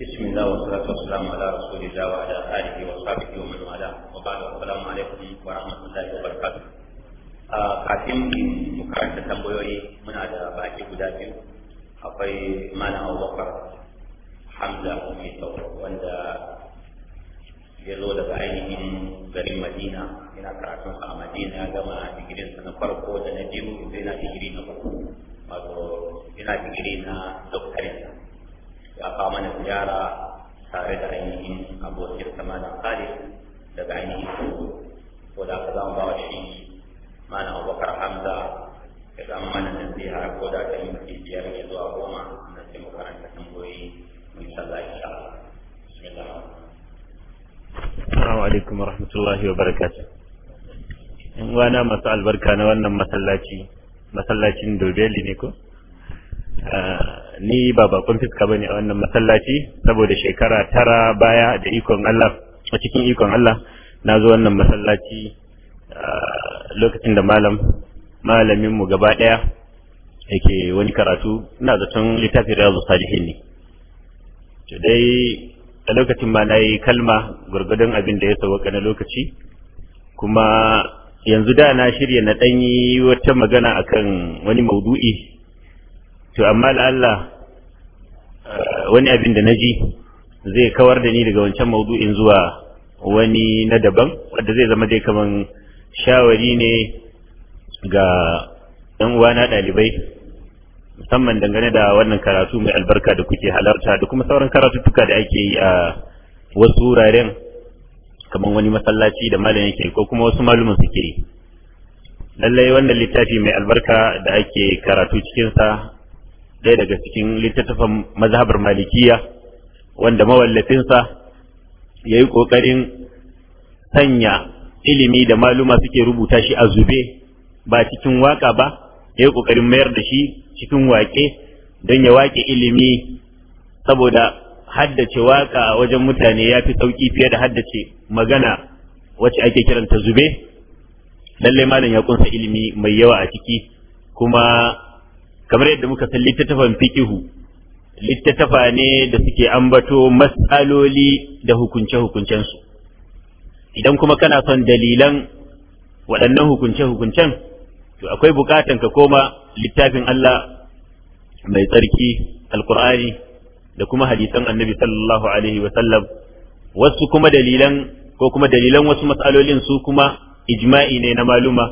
بسم الله والصلاة والسلام على رسول الله وعلى آله وصحبه ومن والاه وبعد السلام عليكم ورحمة الله وبركاته kafin mu karanta tambayoyi muna da baki guda biyu akwai mana abubakar hamza mai tsawo wanda ya zo daga ainihin garin madina yana karatun a madina ya gama digirinsa na farko da na biyu yana digiri na farko wato yana digiri na ya kawo mana ziyara tare da ainihin abokin samanin khalid daga ainihin kudu ko da aka zama bawa shi mana abubakar hamza ya zama mana na ziyara ko da ta yi mafi biyar ne zuwa goma na sai makaranta tamboyi mun sallah insha Allah bismillah Assalamu alaikum warahmatullahi wabarakatuh in wana masu albarka na wannan masallaci masallacin dobeli ne ko ah, ni ba bakon fiska bane a wannan masallaci saboda shekara tara baya da ikon Allah a cikin ikon Allah na zo wannan masallaci lokacin da malam malamin mu gaba daya yake wani karatu ina zaton littafin riyadu salihin ne to dai a lokacin ma nayi kalma gurgudun abin da ya sauka na lokaci kuma yanzu da na shirya na danyi wata magana akan wani maudu'i to amma da Allah eh, wani abin da naji zai kawar da ni daga wancan maudu'in zuwa wani na daban wanda zai zama dai kaman shawari ne ga ɗan uwana ɗalibai musamman dangane da wannan karatu mai albarka da kuke halarta da kuma sauran karatuttuka da ake yi a wasu wuraren kamar wani masallaci da malam yake ko kuma wasu malumin suke yi lallai wannan littafi mai albarka da ake karatu cikinsa ɗaya daga cikin littattafan mazhabar malikiya wanda mawallafinsa ya yi ƙoƙarin sanya ilimi da maluma suke rubuta shi a zube ba cikin waƙa ba ya yi ƙoƙarin mayar da shi cikin waƙe don ya waƙe ilimi saboda haddace waƙa wajen mutane ya fi sauƙi fiye da haddace magana wacce ake kiranta zube lallai malam ya ƙunsa ilimi mai yawa a ciki kuma kamar yadda muka san littattafan fikihu littattafa ne da suke ambato matsaloli da hukunce-hukuncensu idan kuma kana son dalilan waɗannan hukunce-hukuncen to akwai bukatan ka koma littafin Allah mai tsarki alkur'ani da kuma hadisan annabi sallallahu alaihi sallam. wasu kuma dalilan ko kuma dalilan wasu matsalolin su kuma ijma'i ne na maluma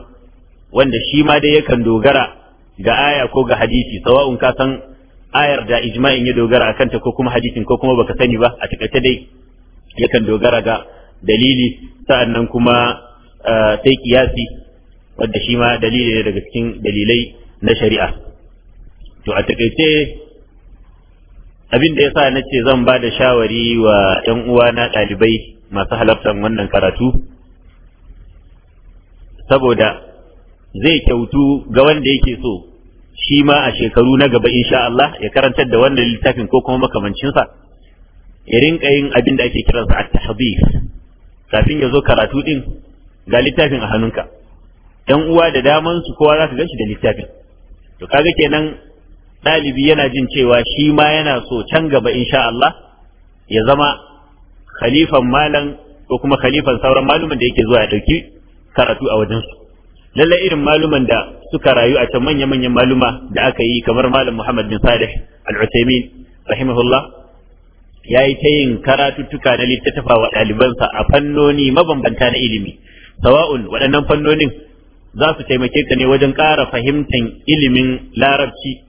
wanda shi ma dai yakan dogara ga aya ko ga hadisi sawa'un ka san ayar da ijma'in ya dogara a kanta ko kuma hadisin ko kuma baka sani ba a takaice dai yakan dogara ga dalili sa'annan kuma sai kiyasi wadda shi ma dalili ne daga cikin dalilai na shari'a to a takaice abin da yasa na ce zan ba da shawari wa 'yan uwa na ɗalibai masu halartar wannan karatu saboda zai kyautu ga wanda yake so shi ma a shekaru na gaba insha Allah ya karantar da wannan littafin ko kuma makamancinsa ya rinka yin abin da ake kiransa a tahdhir kafin ya zo karatu din ga littafin a hannunka dan uwa da daman su kowa za ka ganshi da littafin to kaga kenan dalibi yana jin cewa shi ma yana so can gaba insha Allah ya zama khalifan malam ko kuma khalifan sauran malumin da yake zuwa ya ɗauki karatu a wajensu lallai irin maluman da suka rayu a can manya-manyan maluma da aka yi kamar malam Muhammad bin Salih al-Utsaimin rahimahullah ya yi ta yin karatuttuka na littattafa wa ɗalibansa a fannoni mabambanta na ilimi sawa'un waɗannan fannonin za su taimake ka ne wajen ƙara fahimtar ilimin larabci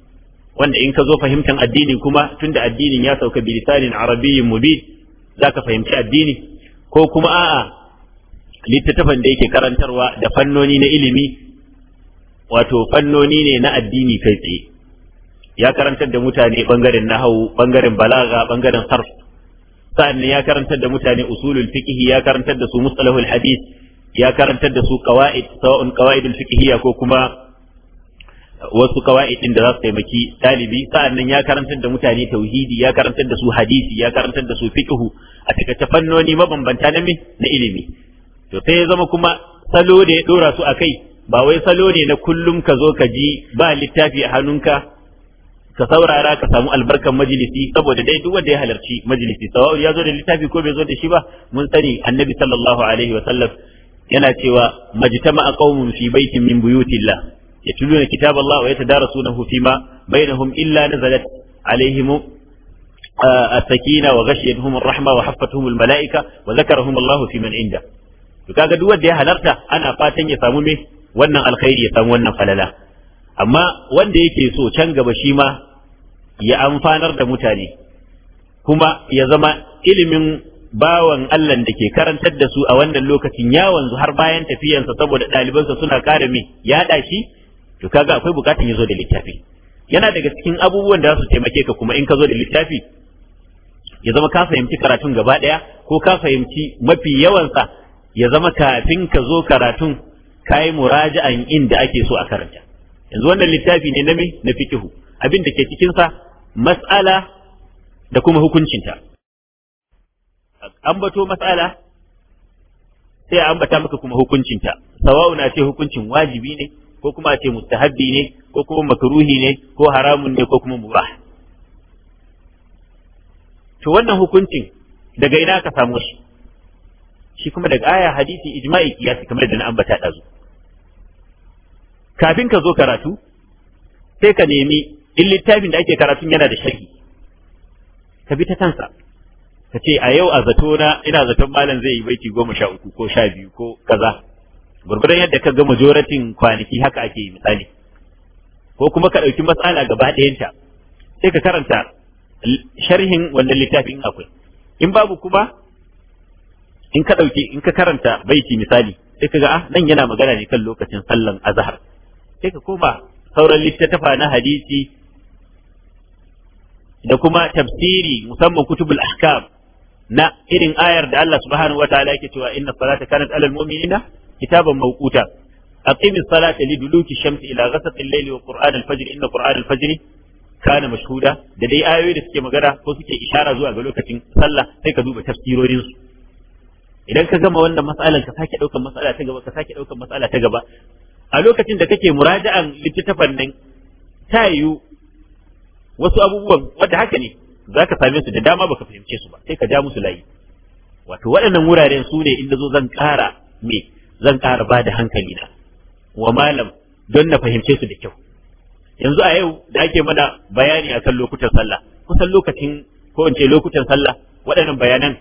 wanda in ka zo fahimtar addini kuma tunda addinin ya sauka bilisanin arabiyyin mubin za ka fahimci addini ko kuma a'a littattafan da yake karantarwa da fannoni na ilimi wato fannoni ne na addini kai tsaye ya karantar da mutane bangaren nahawu bangaren balaga bangaren sarf sa'annan ya karantar da mutane usulul fiqh ya karantar da su mustalahul hadith ya karantar da su qawaid sawa'un qawaidul fiqhiyya ko kuma wasu qawaid da za su taimaki dalibi sa'annan ya karantar da mutane tauhidi ya karantar da su hadisi ya karantar da su fiqh a takaice fannoni mabambanta na na ilimi to sai ya zama kuma salo da ya dora su kai, ba wai salo ne na kullum ka zo ka ji ba littafi a hannunka ka saurara ka samu albarkan majalisi saboda dai duk wanda ya halarci majalisi sawa'u ya zo da littafi ko bai zo da shi ba mun sani annabi sallallahu alaihi wa sallam yana cewa majtama'a qaumun fi baitin min buyutillah yatluna kitaballahi wa yatadarasunahu fima bainahum illa nazalat alaihim السكينة وغشيتهم الرحمة وحفتهم الملائكة وذكرهم الله في من عنده to kaga duk wanda ya halarta ana fatan ya samu me wannan alkhairi ya samu wannan falala amma wanda yake so can gaba shi ma ya amfanar da mutane kuma ya zama ilimin bawan Allah da ke karantar da su a wannan lokacin ya wanzu har bayan tafiyansa saboda ɗalibansa suna kare me yaɗa shi to kaga akwai bukatun ya zo da littafi yana daga cikin abubuwan da za su taimake ka kuma in ka zo da littafi ya zama ka fahimci karatun gaba ɗaya ko ka fahimci mafi yawansa ya zama kafin ka zo karatun kayi muraja'an inda ake so a karanta yanzu wannan littafi ne na me na fikihu abin da ke cikin sa mas'ala da kuma hukuncinta ambato mas'ala sai ambata maka kuma hukuncinta sawa'u na ce hukuncin wajibi ne ko kuma ce mustahabbi ne ko kuma makruhi ne ko haramun ne ko kuma mubah to wannan hukuncin daga ina ka samu shi shi kuma daga aya hadisi ijma'i kiyasi kamar da na ambata ɗazu kafin ka zo karatu sai ka nemi in littafin da ake karatun yana da sharhi ka bi ta kansa ka ce a yau a zato na ina zaton malam zai yi baiti goma sha uku ko sha biyu ko kaza gurgudan yadda ka ga majoratin kwanaki haka ake yi misali ko kuma ka ɗauki matsala gaba ɗayanta sai ka karanta sharhin wannan littafin akwai in babu kuma in ka ɗauki in ka karanta baiti misali sai ka ga ah nan yana magana ne kan lokacin sallan azhar sai ka koma sauran littattafa na hadisi da kuma tafsiri musamman kutubul ahkam na irin ayar da Allah subhanahu wataala yake cewa inna salata kanat alal mu'minina kitaban mawquta aqimis salata liduluki shamsi ila ghasaqil layli wa qur'an al-fajr inna qur'an al-fajr kana mashhuda da dai ayoyi da suke magana ko suke ishara zuwa ga lokacin sallah sai ka duba tafsirorin su idan ka gama wannan matsalar ka sake daukar matsala ta gaba ka sake daukar matsala ta gaba a lokacin da kake muraja'an littattafan nan ta yiwu wasu abubuwan wanda haka ne za ka same su da dama baka fahimce su ba sai ka ja musu layi wato waɗannan wuraren su ne inda zo zan ƙara me zan ƙara ba da hankali na wa malam don na fahimce su da kyau yanzu a yau da ake mana bayani akan lokutan sallah kusan lokacin ko in ce lokutan sallah waɗannan bayanan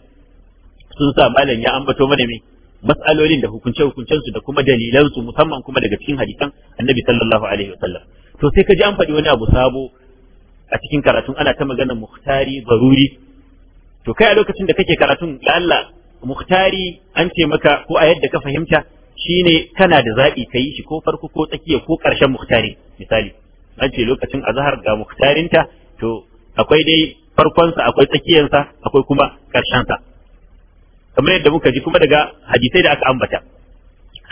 sun sa malam ya ambato mana me matsalolin da hukunce hukuncen su da kuma dalilan su musamman kuma daga cikin hadisan annabi sallallahu alaihi wasallam to sai ka ji an faɗi wani abu sabo a cikin karatun ana ta magana muhtari baruri to kai a lokacin da kake karatun da Allah muhtari an ce maka ko a yadda ka fahimta shine kana da zaɓi ka yi shi ko farko ko tsakiya ko ƙarshen muhtari misali an ce lokacin azhar ga muhtarinta to akwai dai farkonsa akwai tsakiyansa akwai kuma ƙarshensa kamar yadda muka ji kuma daga hadisai da aka ambata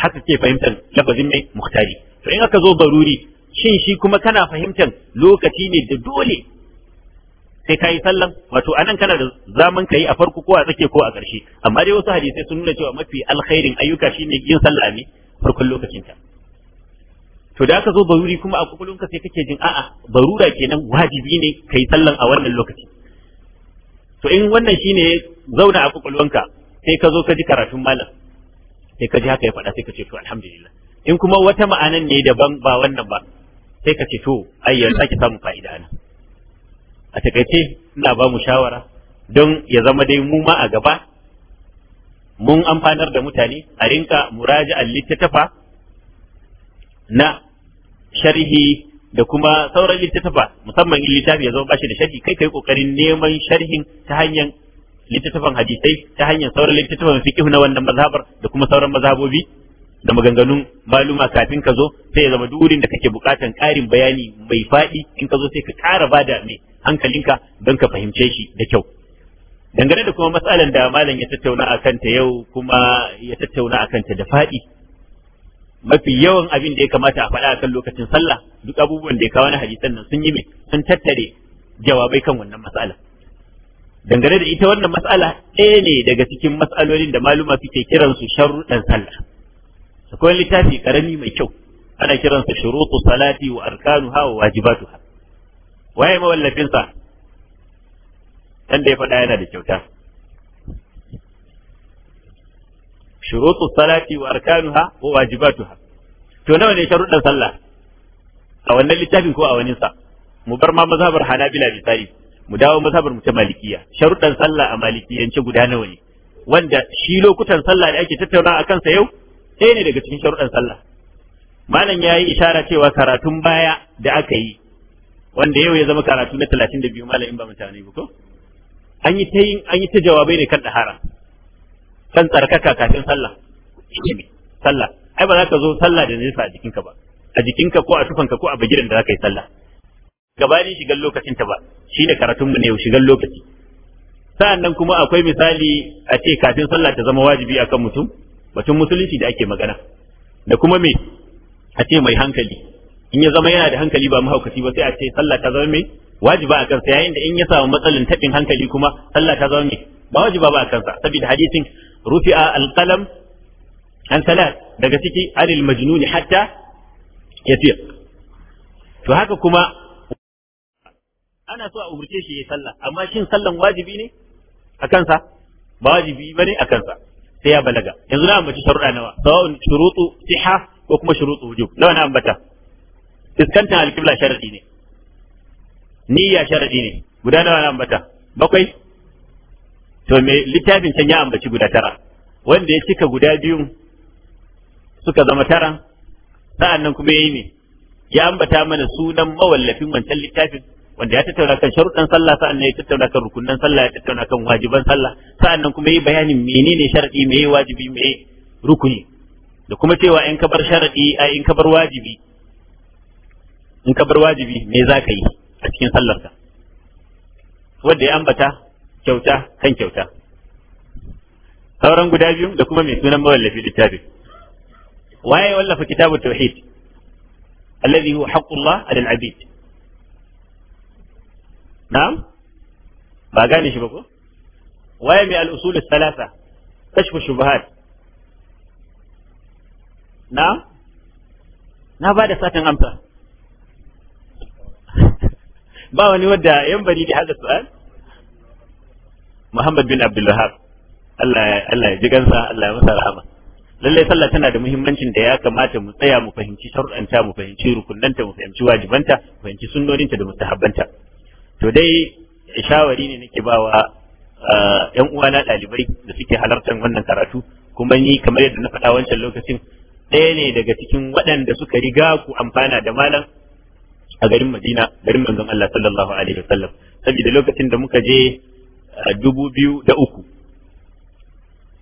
haka ke fahimtar lafazin mai muhtari to in aka zo baruri shin shi kuma kana fahimtar lokaci ne da dole sai ka yi sallan wato anan kana da zaman ka yi a farko ko a tsake ko a ƙarshe amma dai wasu hadisai sun nuna cewa mafi alkhairin ayyuka shine yin sallah ne farkon lokacinta to da aka zo baruri kuma a kwakwalwanka sai kake jin a'a barura kenan wajibi ne ka yi sallan a wannan lokaci to in wannan shine zauna a kwakwalwanka sai ka zo ka ji karatun malam sai ka ji haka ya faɗa sai ka ce to alhamdulillah in kuma wata ma'anan ne daban ba wannan ba sai ka ce to ai yanzu ake samun fa'ida ana a takaice ina ba mu shawara don ya zama dai mu ma a gaba mun amfanar da mutane a rinka muraja'an littattafa na sharhi da kuma sauran littattafa musamman in littafi ya zama bashi da sharhi kai kai kokarin neman sharhin ta hanyar littattafan hadisai ta hanyar sauran littattafan fiqh na wannan mazhabar da kuma sauran mazhabobi da maganganun maluma kafin ka zo sai ya zama duk wurin da kake bukatan ƙarin bayani mai faɗi in ka zo sai ka ƙara bada mai hankalinka don ka fahimce shi da kyau dangane da kuma matsalan da malam ya tattauna a kanta yau kuma ya tattauna a kanta da faɗi mafi yawan abin da ya kamata a faɗa akan lokacin sallah duk abubuwan da ya kawo na hadisan nan sun yi mai sun tattare jawabai kan wannan matsalan dangane da ita wannan mas'ala ɗaya ne daga cikin mas'alolin da maluma suke kiransu sharuɗan sallah akwai littafi karami mai kyau ana kiransa shurutu salati wa hawa wa wajibatuha waye mawallafin sa dan da ya faɗa yana da kyauta shurutu salati wa ha wa wajibatuha to nawa ne sharuɗan sallah a wannan littafin ko a wani sa mu bar ma mazhabar hanabila misali mu dawo mazhabar mu ta malikiya sharuɗan sallah a malikiyance guda nawa ne wanda shi lokutan sallah da ake tattauna a kansa yau ɗaya ne daga cikin sharuɗan sallah malam ya yi ishara cewa karatun baya da aka yi wanda yau ya zama karatu na talatin da biyu malam in ba mutane ba ko an yi ta an yi ta jawabai ne kan ɗahara kan tsarkaka kafin sallah sallah ai ba za ka zo sallah da nisa a jikinka ba a jikinka ko a tufanka ko a bigiran da za ka yi sallah gabanin shigan lokacin ta ba ne karatun mu ne shigan lokaci nan kuma akwai misali a ce kafin sallah ta zama wajibi akan mutum batun musulunci da ake magana da kuma me a ce mai hankali in ya zama yana da hankali ba mahaukaci ba sai a ce sallah ta zama mai wajiba a kansa yayin da in ya samu matsalin tabin hankali kuma sallah ta zama mai ba wajiba ba a kansa saboda hadisin rufi'a alqalam an salat daga ciki alil majnuni hatta yasir to haka kuma ana so a umurce shi ya sallah amma shin sallan wajibi ne a kansa ba wajibi ne a kansa sai ya balaga yanzu na ambaci sharuɗa nawa sawa'un shurutu siha ko kuma shurutu wujub nawa na ambata iskantan alqibla sharadi ne niyya sharadi ne guda nawa na ambata bakwai to me littafin can ya ambaci guda tara wanda ya cika guda biyun suka zama tara sa'an nan kuma ya yi ne ya ambata mana sunan mawallafin wancan littafin wanda ya tattauna kan sharuɗan sallah sa'an ya tattauna kan rukunan sallah ya tattauna kan wajiban sallah sa'an nan kuma yi bayanin menene sharadi me yi wajibi me yi rukuni da kuma cewa in ka bar sharadi a in ka bar wajibi in ka bar wajibi me za ka yi a cikin sallar ka wanda ya ambata kyauta kan kyauta sauran guda biyu da kuma mai sunan mawallafi littafin waye wallafa kitabu tauhid alladhi huwa haqqullah alal abid na'am ba gane shi ba ko waye mai al-usul thalatha kashfu shubuhat na'am na ba da satin amsa ba wani wadda yan bari da hada su'al Muhammad bin Abdul Wahab Allah Allah ya ji gansa Allah ya masa rahama lalle sallah tana da muhimmancin da ya kamata mu tsaya mu fahimci sharuɗanta mu fahimci rukunanta mu fahimci wajibanta mu fahimci sunnoninta da mustahabbanta to dai shawari ne nake bawa yan uwana ɗalibai da suke halartar wannan karatu kuma ni kamar yadda na faɗa wancan lokacin ɗaya ne daga cikin waɗanda suka riga ku amfana da malam a garin Madina garin manzon Allah sallallahu alaihi wasallam saboda lokacin da muka je dubu biyu da uku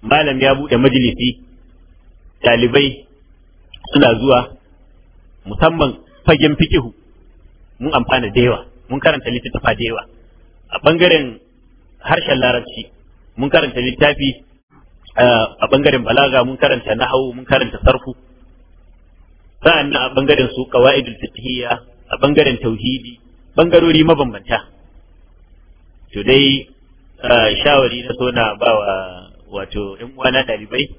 malam ya buɗe majalisi ɗalibai suna zuwa musamman fagen fikihu mun amfana da yawa mun karanta littattafa da yawa a bangaren harshen larabci mun karanta littafi a bangaren balaga mun karanta nahawu mun karanta sarfu sa'annan a bangaren su qawaidul fiqhiyya a bangaren tauhidi ɓangarori mabambanta to dai shawari na so na bawa wato ‘yan uwana ɗalibai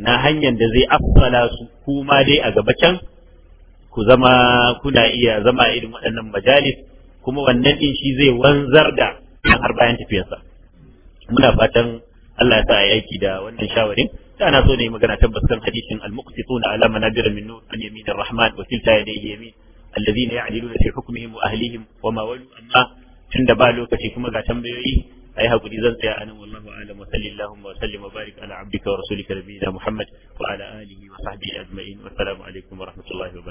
na hanyar da zai afsala su kuma dai a gaba can ku zama kuna iya zama irin waɗannan majalis kuma wannan din shi zai wanzar da nan har bayan tafiyarsa muna fatan Allah ya sa a yaki da wannan shawarin da ana so ne magana tabbas kan hadisin al-muqsituna ala manabir min nur an yamin ar-rahman wa tilta yadayhi yamin alladhina ya'diluna fi hukmihim wa ahlihim wa ma walu amma tunda ba lokaci kuma ga tambayoyi ai hakuri zan tsaya anan wallahu a'lam wa sallallahu wa sallim wa barik ala abdika wa rasulika nabiyina muhammad wa ala alihi wa sahbihi ajma'in wa assalamu alaikum wa rahmatullahi wa